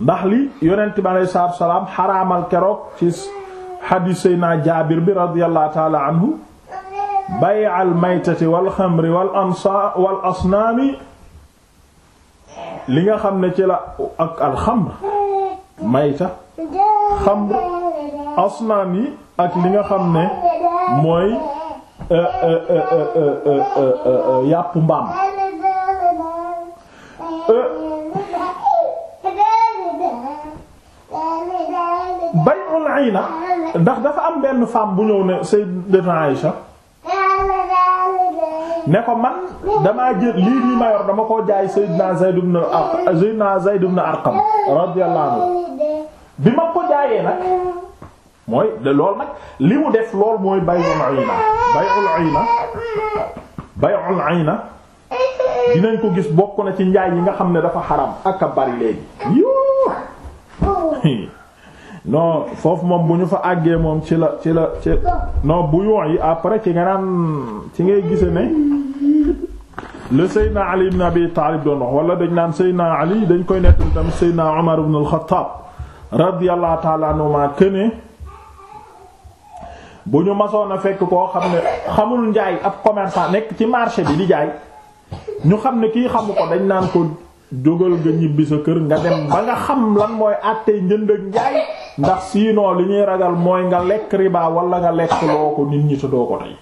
ndax li yonent bi alayhi salaatu wa xaraamal keroog ci xadiis Seydina Jaabir bi radiyallahu taala anhu bay'al maytati wal xamri wal ansa wal asnaami li nga xam ne ci la ak alxamr mayta xamr asnaam yi ak li nga xam ne mooy euh, euh, euh, yàpp mbaam bay'ul ayna ndax dafa am benn femme bu ñëw ne Sayyidatu Aïcha ne ko man dama jël lii nii ma dama koo jaay Sayyidna Zayd ibn Arqam Sayyidna Zayd ibn Arqam radiyallahu anhu bi ma ko jaayee mooy loolu nag li mu def lool mooy bay'ul ayna bay'ul ayna bay'ul ayna dinañ ko gis bokk na ci njaay yi nga xam ne dafa xaram ak a léegi non foofu moom bu ñu fa àggee moom ci la ci la ci non bu yoon yi après ci nga naan ci ngay gise ne le Seydina Ali ibn Abi Taalib doon wax wala dañ naan Seydina Ali dañ koy nettal tamit Seydina Umar ibn al-Khattab radiyallahu ta'ala anhuma këne bu ñu masoon a fekk koo xam ne xamul njaay ab commerçant nekk ci marché bi di jaay ñu xam ne kii xamu ko dañ naan ko jógal nga ñibbi sa kër nga dem ba nga xam lan mooy àttee njënd ak njaay ndax sinon li ñuy ragal mooy nga lekk riba wala nga lekk loo ko nit ñi te doo ko tey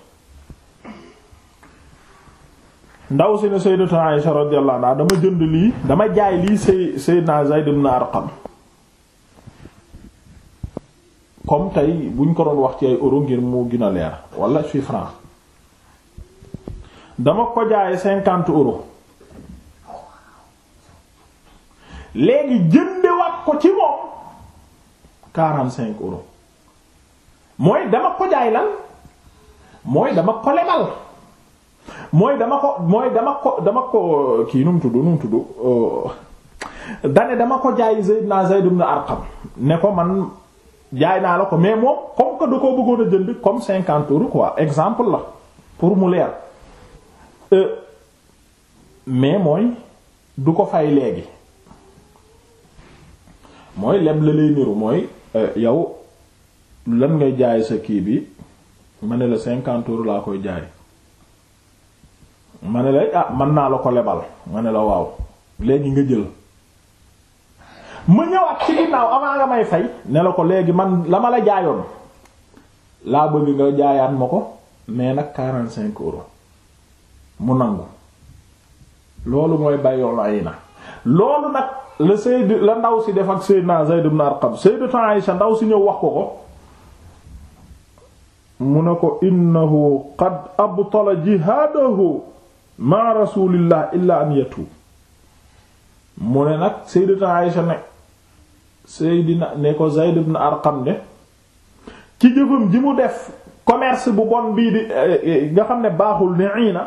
ndaw si ne sayyidatu Aisha radiyallahu anha dama jënd lii dama jaay lii say sayyidna Zayd ibn Arqam comme tey buñ ko doon wax ci ay euro ngir mu gën a leer wala suy franc dama ko jaayee cinquante euro léegi jëndewaat ko ci moom quarante cinq euros mooy dama ko jaay lan mooy dama ko lebal mooy dama ko mooy dama ko dama ko kii nu mu tudd nu mu tudd euh, dane dama ko jaay Zayd naa Zayd na Arqam ne ko man jaay naa la ko mais moom comme que du koo bëggoon a jënd comme cinquante euros quoi exemple la pour mu leer euh, mais mooy du ko fay léegi mooy lem la lay niru mooy euh, yow lan ngay jaay sa kii bi ma ne la cinquante euros laa koy jaay ma ne la ah mën naa la ko lebal ma ne la waaw léegi nga jël ma ñëwaat ci ginnaaw avant nga may fay ne la ko léegi man la ma la jaayoon laa bëgg nga jaayaat ma ko mais nag quarante cinq euros mu nangu loolu mooy bayoon ay na loolu nag la Sayyid la ndaw si def ak Sayyidna Zayd ibn Arqam Sayyidatu Aisha ndaw si ñëw wax ko ko mu ne ko innahu qad abtala jihaadahu ma rasulillah illa an yatuub mu ne nag Sayyidatu Aisha ne Sayyidina ne ko Zayd ibn Arqam de ci jëfam ji mu def commerce bu bon bii di eh, eh, nga xam ne baaxul ne iina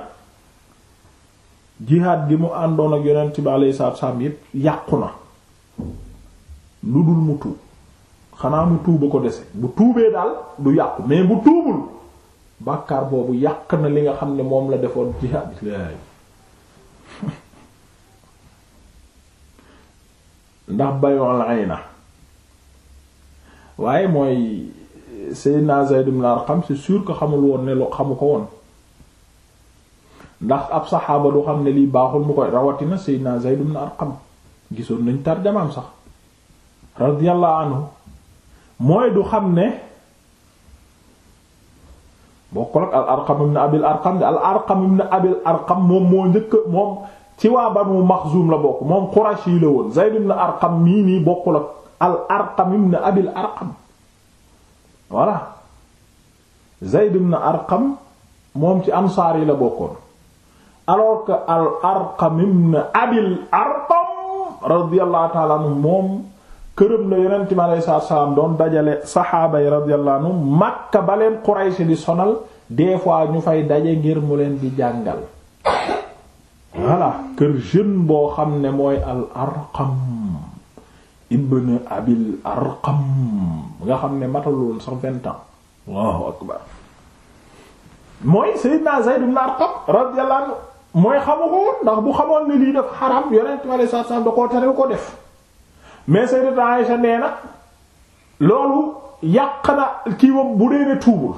jihaad gi mu àndoon ak yonent bi alayhi salaatu salaam yépp yàqu na lu dul mu tuub xanaa mu tuuba ko dese bu tuubee daal du yàqu mais bu tuubul bàkkaar boobu yàq na li nga xam ne moom la defoon jihaad laay <laughs> ndax bayoon ay na waaye mooy Seydina Zayd ibn Arqam c'est sûr que xamul woon ne loo xamu ko woon ndax ab saxaaba du xam ne lii baaxul mu koy rawatina sayyidina Zayd ibn Arqam gisoon nañ tarjamaam sax radiyallahu anhu mooy du xam ne bokkul ak al Arqam ibn Abil Arqam moom moo njëkk moom ci waa Banu Maxzum la bokk moom Qurashi yi la woon Zayd ibn Arqam mii nii bokkul ak al Arqam ibn Abil Arqam voilà Zayd ibn Arqam moom ci ansaar yi la bokkoon alors que al arqam ibn abil arqam radiyallahu ta'ala anhu moom këram la yonent mi alayhi salaatu doon dajale saxaaba yi radiyallahu makka ba leen Quraysh di sonal des fois ñu fay daje ngir mu leen di jàngal voilà kër jeune boo xam ne mooy al arqam ibn abil arqam nga xam ne mataloon sax vingt ans allahu akbar mooy sayyidna Zayd ibn Arqam radiyallahu mooy xamu ko woon ndax bu xamoon ne lii def xaram yonent bi alayhi salaam da koo tere ko def mais sayyidat Aisha nee na loolu yàq na kiiwam bu dee ne tuubul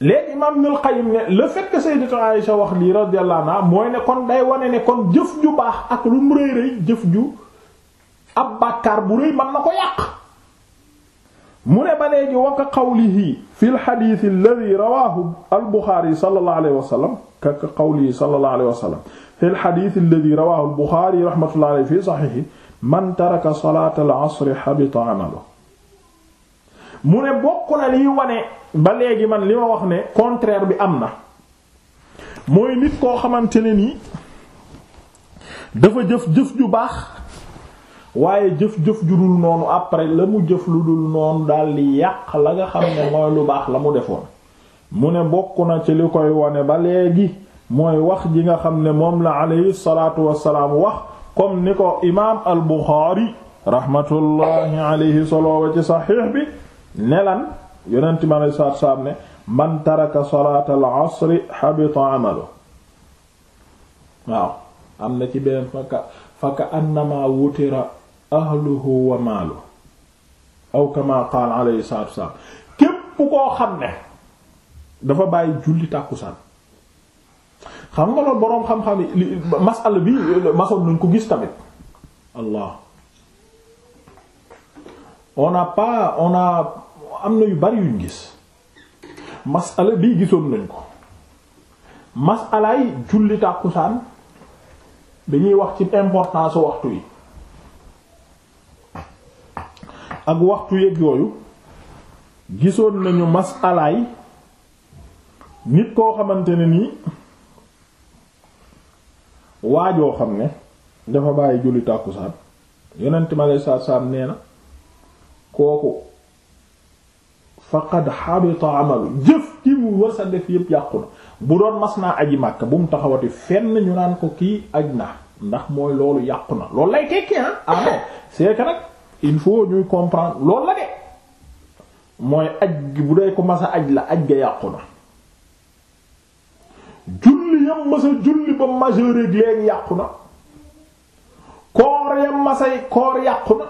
léegi imaam Ibnul Qayyim ne le fait que sayyidat Aisha wax lii radiyallahu anha mooy ne kon day wane ne kon jëf ju baax ak lu mu rëy rëy jëf ju ab bàkkaar bu rëy man na ko yàq mu ne ba léegi waka qawlihi fi lxadit alladi rawahu albuxaari sallallahu alayhi wa sallam kaka qawlihi sallallahu alayhi wa sallam fi lxadit alladi rawahu albuxaari rahmatullahi alayhi fi saxiixi man taraka salaata al-asri habita amaluhu mu ne bokk na liy wane ba léegi man li ma wax ne contraire bi am na mooy nit koo xamante ne nii dafa jëf jëf ju baax waaye jëf-jëf ju dul noonu après la mu jëf lu dul noonu daal yàq la nga xam ne mooy lu baax la mu defoon mu ne bokk na ci li koy wone ba léegi mooy wax ji nga xam ne moom la aleyhi salaatu wasalaam wax comme ni ko imaam al Buxaari rahmatullahi aleyhi soloowa ci saxiix bi ne lan yonent mi alei salaatu salaam ne man taraka salaata al asri xabita amalu waaw am na ci beneen faka faka annama wutira ahluhu wa maalu aw kama qaal alayhi salaatu wasalaam képp koo xam ne dafa bàyyi julli tàkkusaan xam nga loolu boroom xam-xam yi bi masoon nañ ko gis tamit allah on n'a pas on a am na yu bari yuñ gis masala bii gisoon nañ ko masalaay julli tàkkusaan dañuy wax ci importance waxtu yi ak waxtu yëg yooyu gisoon nañu masalaay nit koo xamante ne nii waajoo xam ne dafa bàyyi julli tàkkusaan yonent ma lay saat nee na kooku faqad habita amalu jëf ki mu war sa def yépp yàqu na bu doon mas naa aji màkk bu mu taxawati fenn ñu naan ko kii aj na ndax mooy loolu yàqu na loolu lay tekki ah ah non c'est il faut ñuy comprendre loolu la de mooy aj gi bu dee ko masa aj la aj ga yàqu na julli yam masa julli ba majeur ak léegi yàqu na koor yam masa koor yàqu na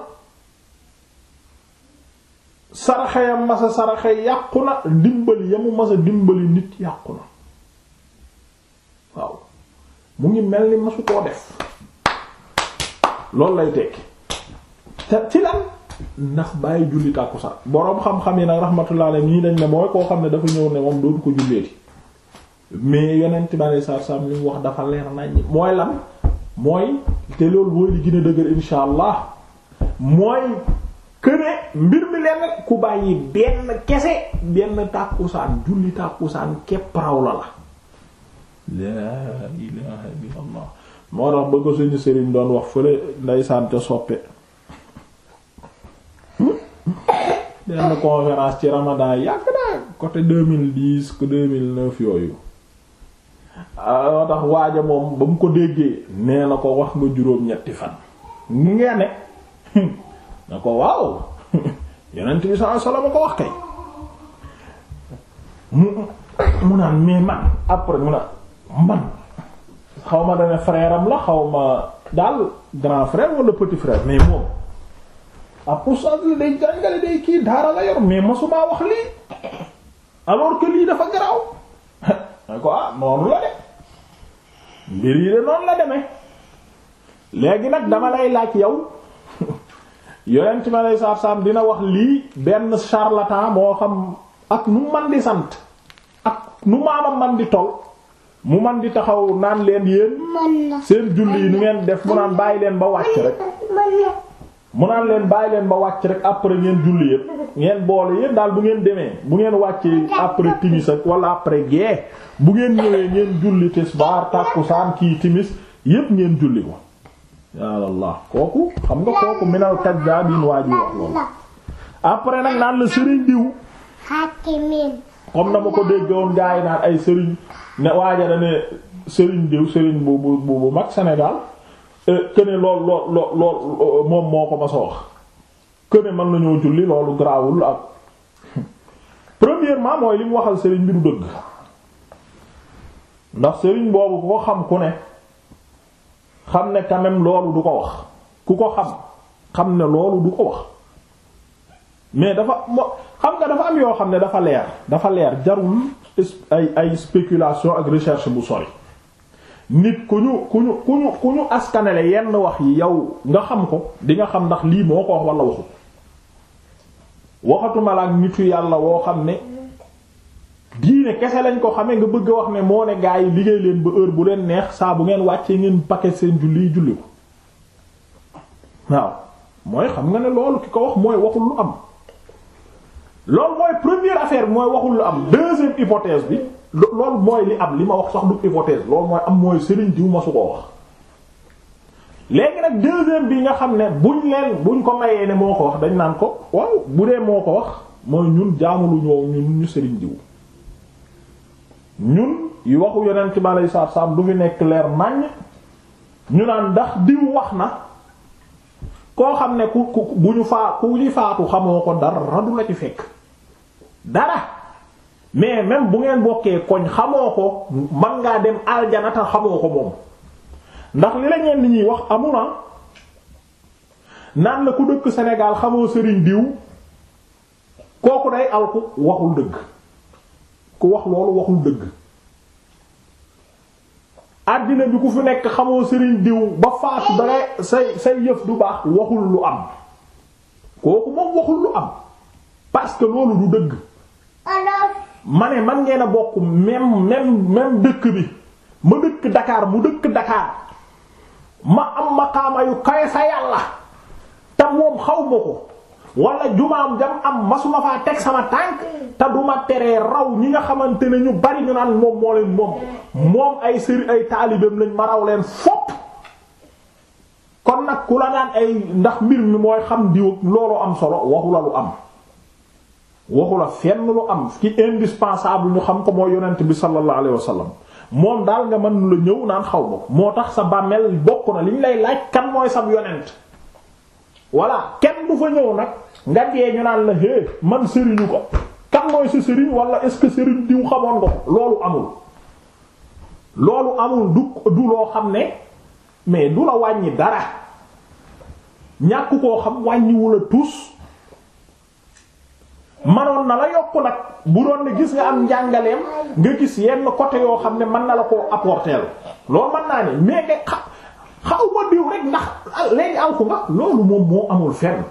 saraxe yam masa saraxe yàqu na dimbali yamu masa dimbali nit yàqu na waaw mu ngi mel ni masu koo def loolu lay tekki ci lan ndax bàyyi julli tàkkusaan boroom xam-xam yi nag rahmatullah alayhi ñii dañ mooy koo xam ne dafa ñëw ne moom dootu ko julleeti mais yonent bi alayhi salaatu salaam mu wax dafa leer nañ mooy lan te loolu mooy li gën allah mooy mi lenn ku bàyyi benn benn tàkkusaan julli tàkkusaan képp raw moo tax ba suñu sëriñ doon wax fële ndeysaan ca soppe benn conférence ci Ramadan yàgg naa côté deux mille dix ko deux mille neuf yooyu ah, moo tax waaja moom ba mu ko déggee nee na ko wax nga juróom-ñetti fan ngi nga ne <laughs> na ko waaw <laughs> yonent bi sallallahu alayhi ko wax kay mu mu naan mais man après mu naan man xaw ma dana frère am la xaw ma daal grand frère wala petit frère mais moom ab ustaas la day jàngale day kii daara la yor mais masumaa wax lii alors que lii dafa garaaw ma <laughs> ko ah noonu la de mbir yi de noonu la demee léegi nag dama lay laaj yow <laughs> yonent ma lay saab saab dina wax lii benn charlatan moo xam ak nu man di sant ak nu maama man di tol mu man di taxaw naan leen yéen seen julli yi nu ngeen def mu naan bàyyi leen ba wàcc rek mu naan leen bàyyi leen ba wàcc rek après ngeen julli yépp ngeen boole yépp daal bu ngeen demee bu ngeen wàccee après timis ak wala après gee bu ngeen ñëwee ngeen julli tisbaar tàkkusaan kii timis yépp ngeen julli ko yàlla kooku xam nga kooku minal kaddaabin waa ji wax loolu après nag naan la sëriñ diw comme na ma ko dégg woon naan ay sëriñ ne waaja da ne sëriñ diw sëriñ bu bu bu mag Sénégal këne euh, lool lool euh, moom moo ko ma sa wax këne mën nañoo julli loolu garaawul ak <laughs> premièrement mooy li waxal sëriñ bi du dëgg ndax sëriñ boobu ku ko xam ku ne xam ne quand loolu du ko wax ku ko xam xam ne loolu du ko wax mais dafa mo xam nga dafa am yoo xam ne dafa leer dafa leer jarul ay ay spéculation ak recherche bu sori nit ku ñu ku ñu ku ñu ku ñu askanale yenn wax yi yow nga xam ko di nga xam ndax lii moo ko wax wala waxu waxatuma la ak nitu yàlla woo xam ne diine kese lañ ko xamee nga bëgg a wax ne moo ne gaa yi liggéey leen ba heure bu leen neex saa bu ngeen wàccee ngeen paquet seen julli julli ko waaw mooy xam nga ne loolu ki ko wax mooy waxul lu am loolu mooy première affaire mooy waxul lu am deuxième hypothèse bi. loolu mooy li am li ma wax sax du hypothèse loolu mooy am mooy Serigne diw ma su koo wax léegi nag deuxième bi nga xam ne buñ leen buñ ko mayee ne moo ko wax dañ naan ko waaw bu dee moo ko wax mooy ñun jaamulu ñoow ñun ñu Serigne diw ñun yu waxu yonent bi aleyhi salaatu salaam du fi nekk leer màññ ñu naan ndax diw wax na koo xam ne ku ku bu ñu faa ñu faatu xamoo ko dara du la ci fekk dara mais même bu ngeen bokkee koñ xamoo ko man ngaa dem aljanata xamoo ko moom ndax li la ñeen ñuy wax amuna naan la ku dëkk Sénégal xamoo sëriñ diw kooku day alku waxul dëgg ku wax loolu waxul dëgg àddina bi ku fi nekk xamoo sëriñ diw ba faatu dangay say say yëf du baax waxul lu am kooku moom waxul lu am parce que loolu du dëgg ma ne man ngeen a bokk même même même dëkk bi ma dëkk dakaar mu dëkk Dakar ma am maqaama yu kawe sa yàlla te moom xaw ma ko wala jumaam jam am masuma faa teg sama tànk te du ma teree raw ñi nga xamante ne ñu bari ñu naan moom moo leen moom moom ay sëri ay taalibeem lañ ma raw leen fopp kon nag ku la naan ay ndax mbir mi mooy xam diw looloo am solo waxu la lu am waxula fenn lu am ki indispensable ñu xam ko moo yonent bi sallallahu alayhi wa sallam moom daal nga mën la ñëw naan xaw ma ko moo tax sa bàmmeel bokk na li ñu lay laaj kan mooy sab yonent voilà kenn du fa ñëw nag nga dee ñu naan la hé man sëriñu ko kan mooy sa sëriñ wala est-ce que sëriñ diw xamoon ko loolu amul loolu amul du du loo xam ne mais du la wàññi dara ñàkk koo xam wàññiwula tus manoon na la yokk nag bu doon ne gis nga am njàngaleem nga gis yenn côté yoo xam ne mën na la ko apporter loolu mën naa ne mais xa xaw ko diw rek ndax ah, léegi aw ko nga loolu moom moo amul fenn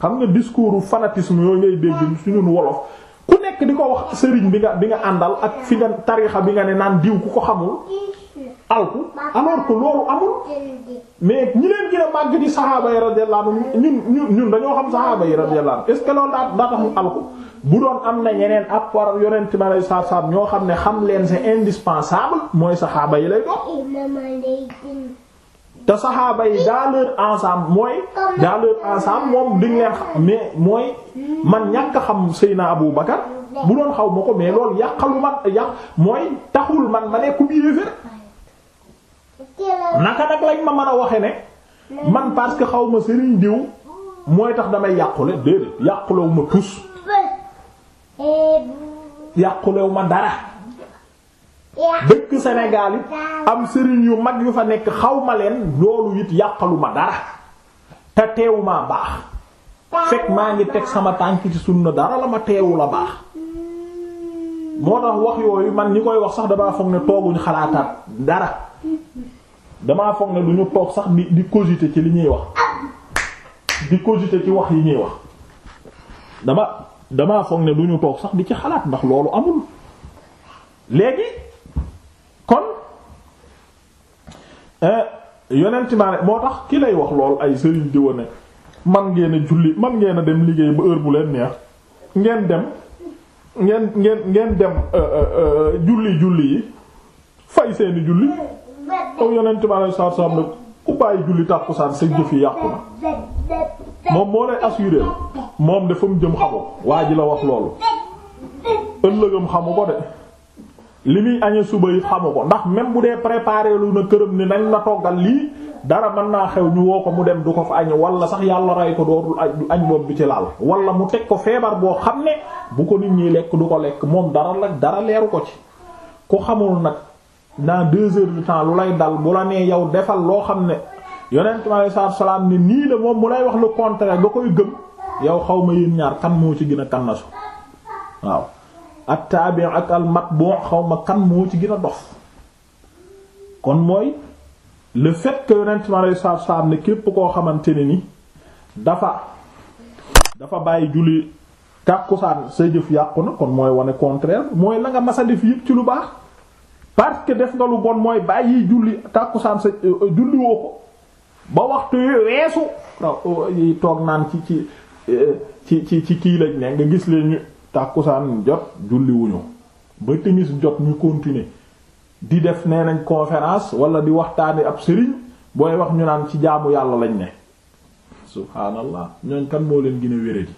xam nga discours fanatisme yooyu ngay dégg suñu ah. wolof ku nekk di ko wax sëriñ bi nga bi nga àndal ak fi nga tarixa bi nga ne naan diw ku ko xamul alku alors que loolu amul mais ñi leen gën a màgg di saxaaba yi radiyallahu anhum ñun ñun dañoo xam saxaaba yi radiyallahu anhum est ce que loolu daa daa alku bu doon am na ñeneen ab war yonent ma lay saab saab ñoo xam ne xam leen c'est indispensable mooy saxaaba yi lay doon te saxaaba yi dans leur ensemble mooy dans leur ensemble moom duñ leen xam mais mooy man ñàkk a xam Seyna Abu Bakar bu doon xaw ma ko mais loolu yàqalu man yàq mooy taxul man ma nekk ku naka nag lañ ma mën a waxe ne man parce que xaw ma sëriñ diw mooy tax damay yàqule déedéet yàqulewu ma tus yàqulewu ma dara dëkk Sénégal it am sëriñ yu mag yu fa nekk xaw ma leen loolu it yàqalu ma dara te teewu maa baax fekk maa ngi teg sama tànk ci sunna dara la ma teewu la baax moo tax wax yooyu man ñi koy wax sax damaa foog ne tooguñu xalaataat dara damaa foog ne duñu toog sax bi di cogiter ci li ñuy wax di cosité ci wax yi ñuy wax dama damaa foog ne du ñu toog sax di ci xalaat ndax loolu amul léegi kon eh, yonent maa ne moo tax ki lay wax loolu ay sëriñ di wane man ngeen a julli man ngeen a dem liggéey ba heure bu leen neex ngeen dem. ngeen ngeen ngeen dem euh, euh, euh, julli julli yi fay seeni julli aw yonent bi alei satu salaam ku bàyyi julli tàkkusaan sa jëf yi yàqu na moom moo lay assuré moom de fa mu jëm xamu waa ji la wax loolu ëllëgam xamu ko de li muy añee suba yi xamu ko ndax même bu dee préparé lu na këram ni nañ la toggal lii dara mën naa xew ñu woo ko mu dem du ko fa añ wala sax yàlla rey ko dootul añ boobu du ci laal wala mu teg ko feebar boo xam ne bu ko nit ñi lekk du ko lekk moom dara la dara leeru ko ci ku xamul nag dans deux heures de temps lu lay dal bu la nee yow defal loo xam ne yonent mi alayhi salaatu salaam nii la moom mu lay wax le contraire nga koy gëm yow xaw ma ñaar kan moo ci gën a kannasu waaw ak taabi ak al matbu xaw ma kan moo ci gën a dof kon mooy le fait que yonent mi alayhi salaatu salaam ne képp koo xamante ne ni dafa dafa bàyyi julli tàkkusaan sa jëf yàqu kon mooy wane contraire mooy la nga mas a yëpp ci lu baax parce que def nga lu bon mooy bàyyi julli tàkkusaan sa euh, julli woo ko ba waxtu weesu euh, toog naan ci euh, ci ci ci kii lañ ne nga gis leen tàkkusaan jot julliwuñu ba timis jot ñu continuer di def nee nañ conférence wala di waxtaani ab sëriñ booy wax ñu naan ci jaamu yàlla lañ ne subhaanallah ñooñ kan moo leen gën a wéradi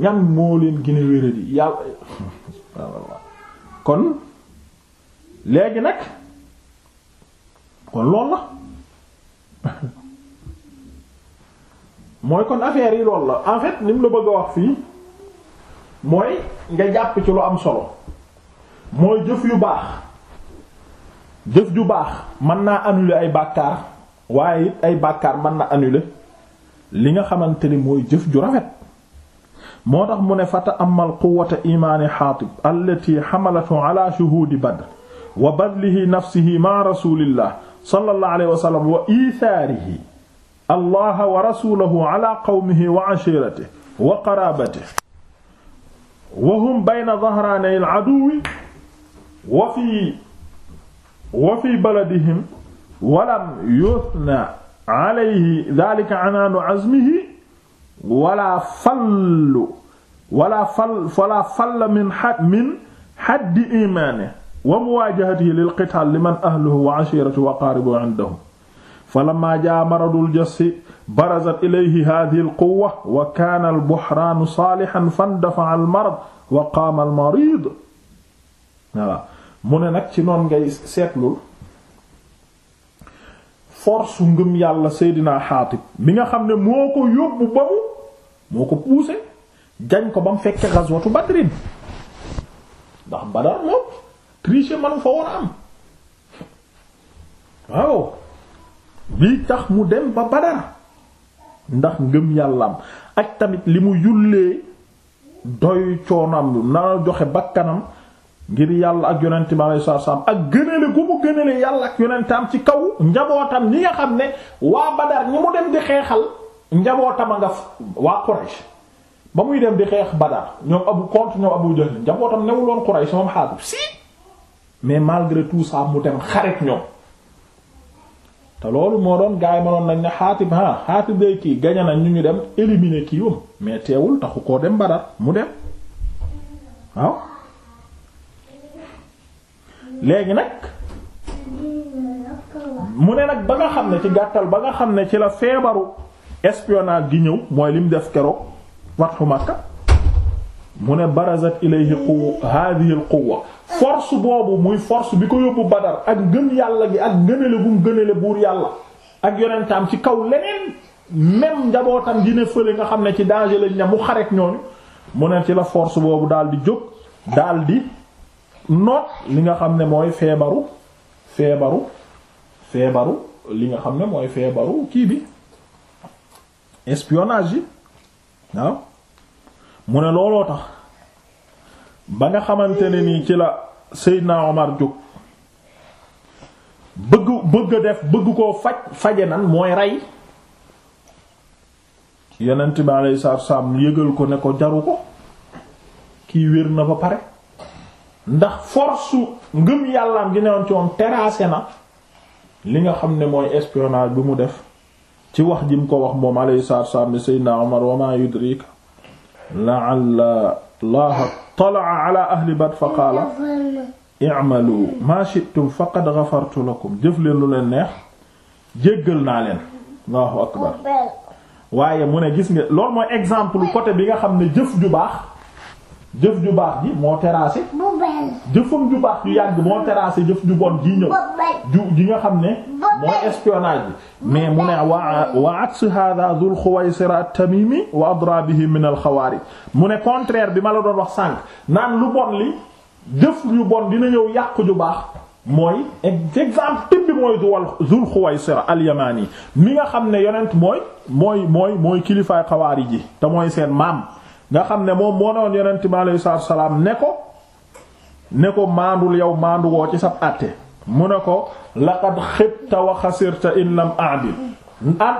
ñan moo leen gën wéradi yàlla <laughs> kon léegi nag kon lool la <laughs> mooy kon affaire yi lool la en fait lim la bëgg a wax fii mooy nga jàpp ci lu am solo mooy jëf yu baax jëf ju baax mën naa annuler ay bàkkaar waaye it ay bàkkaar mën na annuler li nga xamante ni mooy jëf ju rafet moo tax mu ne fata amal quwwata imaani xaatib allati xamalatu ala shuhuudi badr wa badlihi nafsihi wa sallam wa wa rasulahu ala qawmihi wa ashiratihi wa wa hum bayna dhahraanay al-aduwwi wa fi wa fi baladihim wa lam yuthna alayhi dhaalika anaanu azmihi wala fallu wala fal wala falla min had min haddi iimaanihi wa muwaajahatihi lil qitaal liman ahluhu wa ashiiratuhu wa qaaribuhu indahum falammaa jaa maradul jassi barazat ilayhi haadihi alquwwa wa kaana albuhraanu saalihan fandafa'a almarad wa qaama mu ne nag ci noon ngay seetlul force ngëm yàlla Seydina Xaatib mi nga xam ne moo ko yóbbu ba mu moo ko poussé jañ ko ba mu fekkee gazwatu Badrin ndax Badar fa woon a bi tax mu dem ba Badar ndax ngëm yàllaam ak tamit li mu yullee doy coonam naa joxe bakkanam ngir yàlla ak yonente bi alei satu ak gënale gu mu gënale yàlla ak yonentam ci kaw njabootam ñi nga xam ne waa Badar ñi mu dem di xeexal njabootam a nga waa Quraysh ba muy dem di xeex Badar ñoom abu contre ñoom Abu Jahl njabootam newuloon Quraysh moom xaatu si mais malgré tout ça mu dem xarit ñoom te loolu moo doon gaay manoon nañ ne xaatib ha xaatib day kii gañe nañ ñu ngi dem éliminer kii wam mais teewul taxu koo dem Badar mu dem waaw léegi nag mu ne nag ba nga xam ne ci gàttal ba nga xam ne ci la feebaru espionnage gi ñëw mooy lim def keroog Fathu Makka mu ne barazat ilayhi quwwa hadhihi al quwwa force boobu muy force bi ko yóbbu Badar ak ngën yàlla gi ak ngënale bu mu gënale buur yàlla ak yonentam ci kaw leneen même njabootam dina fële nga xam ne ci danger lañ ne mu xareek ñooñu mu ne ci la force boobu daal di jóg daal di noot li nga xam ne mooy feebaru feebaru feebaru li nga xam ne mooy feebaru kii bi espionnage yi waaw mu ne looloo tax ba nga xamante ne nii ci la seyna Omar jóg bëgg bëgg a def bëgg koo faj faje nan mooy rey yonent bi alayhi salaatu salaam yëgal ko ne ko jaru ko kii wér na ba pare ndax force ngëm yàllaam gi newoon ci moom terrassé na li nga xam ne mooy espionnage bi mu def ci wax ji mu ko wax moom alayhi salaatu salaam ne seyna Omar wa ma la'alla Allaha tala'a ala ahli Badr fa qaala i'malu ma shi'tum faqad ghafartu lakum jëf leen lu leen neex jéggal naa leen Allahu akbar waaye mu ne gis nga loolu mooy exemple côté bi nga xam ne jëf ju baax jëf ju baax ji moo terrassé jëfam ju baax ju yàgg moo terrassé jëf ju bon ji ñëw ju ji nga xam ne mooy espionnage bi mais mu ne wa wa aks hada dhul xuwaysira at-tamimi wa adra bihi min al-xawaarij mu ne contraire bi ma la doon wax sànq naan lu bon li jëf ju bon dina ñëw yàq ju baax mooy exemple tibbi mooy duwal dhul xuwaysira al-yamani mi nga xam ne yonent mooy mooy mooy mooy kilifaay xawaarij ji te mooy seen maam nga xam ne moom moo noon yonent mi alayhi salaatu salaam ne ko ne ko maandul yow maandu woo ci sab àtte mu ne ko laqad xibta wa xasirta in lam a'dil ndax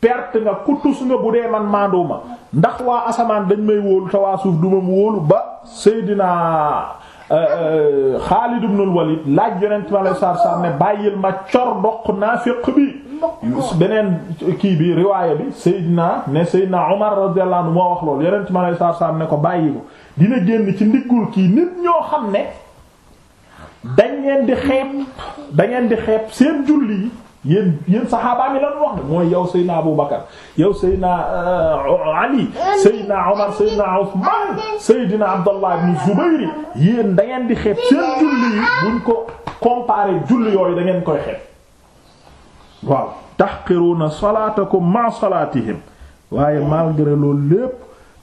perte nga kutus nga bu dee man maanduwuma ndax waa asamaan dañ may wóolu te waa suuf mu wóolu ba Seydina euh, euh, Xaalid ibnul Walid laaj yonent mi alayhi salaatu wa salaam ne bàyyil ma cor doq naafiq bi beneen kii bi riwaaya bi Seydina ne Seydina Omar radiyallahu anhu moo wax loolu yeneen ci ma ne ko bàyyi dina génn ci ndiggul kii nit ñoo xam ne dañ ngeen di xeeb da di xeeb seen julli yi. yéen yéen saxaabaa wax ne mooy yow Seydina Abu Bakar yow Seydina uh, Ali Seydina Omar Seydina Usman Seydina Abdallah ibn Zubayr yéen da ngeen di xeeb seen julli yi buñ ko comparé julli yooyu da ngeen koy xeeb. waaw tax tahqiruuna salaatakum ma salaatihim waaye malgré loolu lépp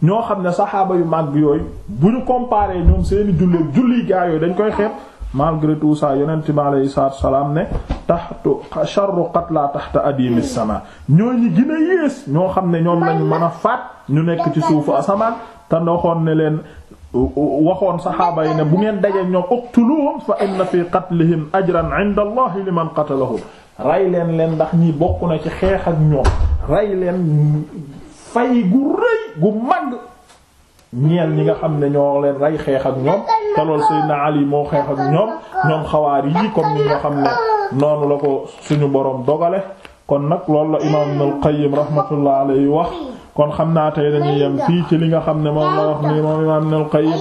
ñoo xam ne saxaaba yu mag bi yooyu bu ñu comparé ñoom seeni julli julli gaa yooyu dañ koy xeeb malgré tout yeneen yonent bi alayhi salaatu salaam ne taxtu sharru qatla taxta adimi sama ñoo ñi gën a yées ñoo xam ne ñoom lañu mën a faat ñu nekk ci suufu asamaan te ndoxoon ne leen waxoon saxaaba yi ne bu ngeen dajee ñoom uqtuluhum fa inna fi qatlihim ajran inda allahi liman qatalahum rey leen leen ndax ñi bokk na ci xeex ak ñoom rey leen fay gu rëy gu màgg ñeel ñi nga xam ne ñoo leen rey xeex ak ñoom te lool Seydina Ali moo xeex ak ñoom ñoom xawaar yi comme ni nga xam ne noonu la ko suñu boroom dogale kon nag lool la imaam Ibnul Qayyim rahmatullah alayhi wax kon xam naa tey dañuy yem fii ci li nga xam ne moom la wax nii moom imaam Ibnul Qayyim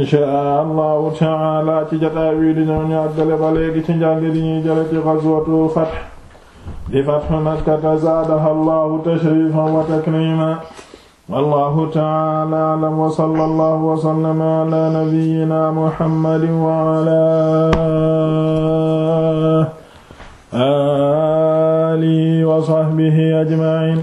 inshaa Allahu ta'ala ci jotaay wi di ñëw ñu àggale ba léegi ci njàng di ñuy jële ci ghazwatu Fath di Fathu Makka zaadaha Allahu tashrifan wa takriman wallahu ta'ala a'lam wa sallallahu wa sallama ala nabiyyina Muhammadin wa ala alihi wa sahbihi ajma'in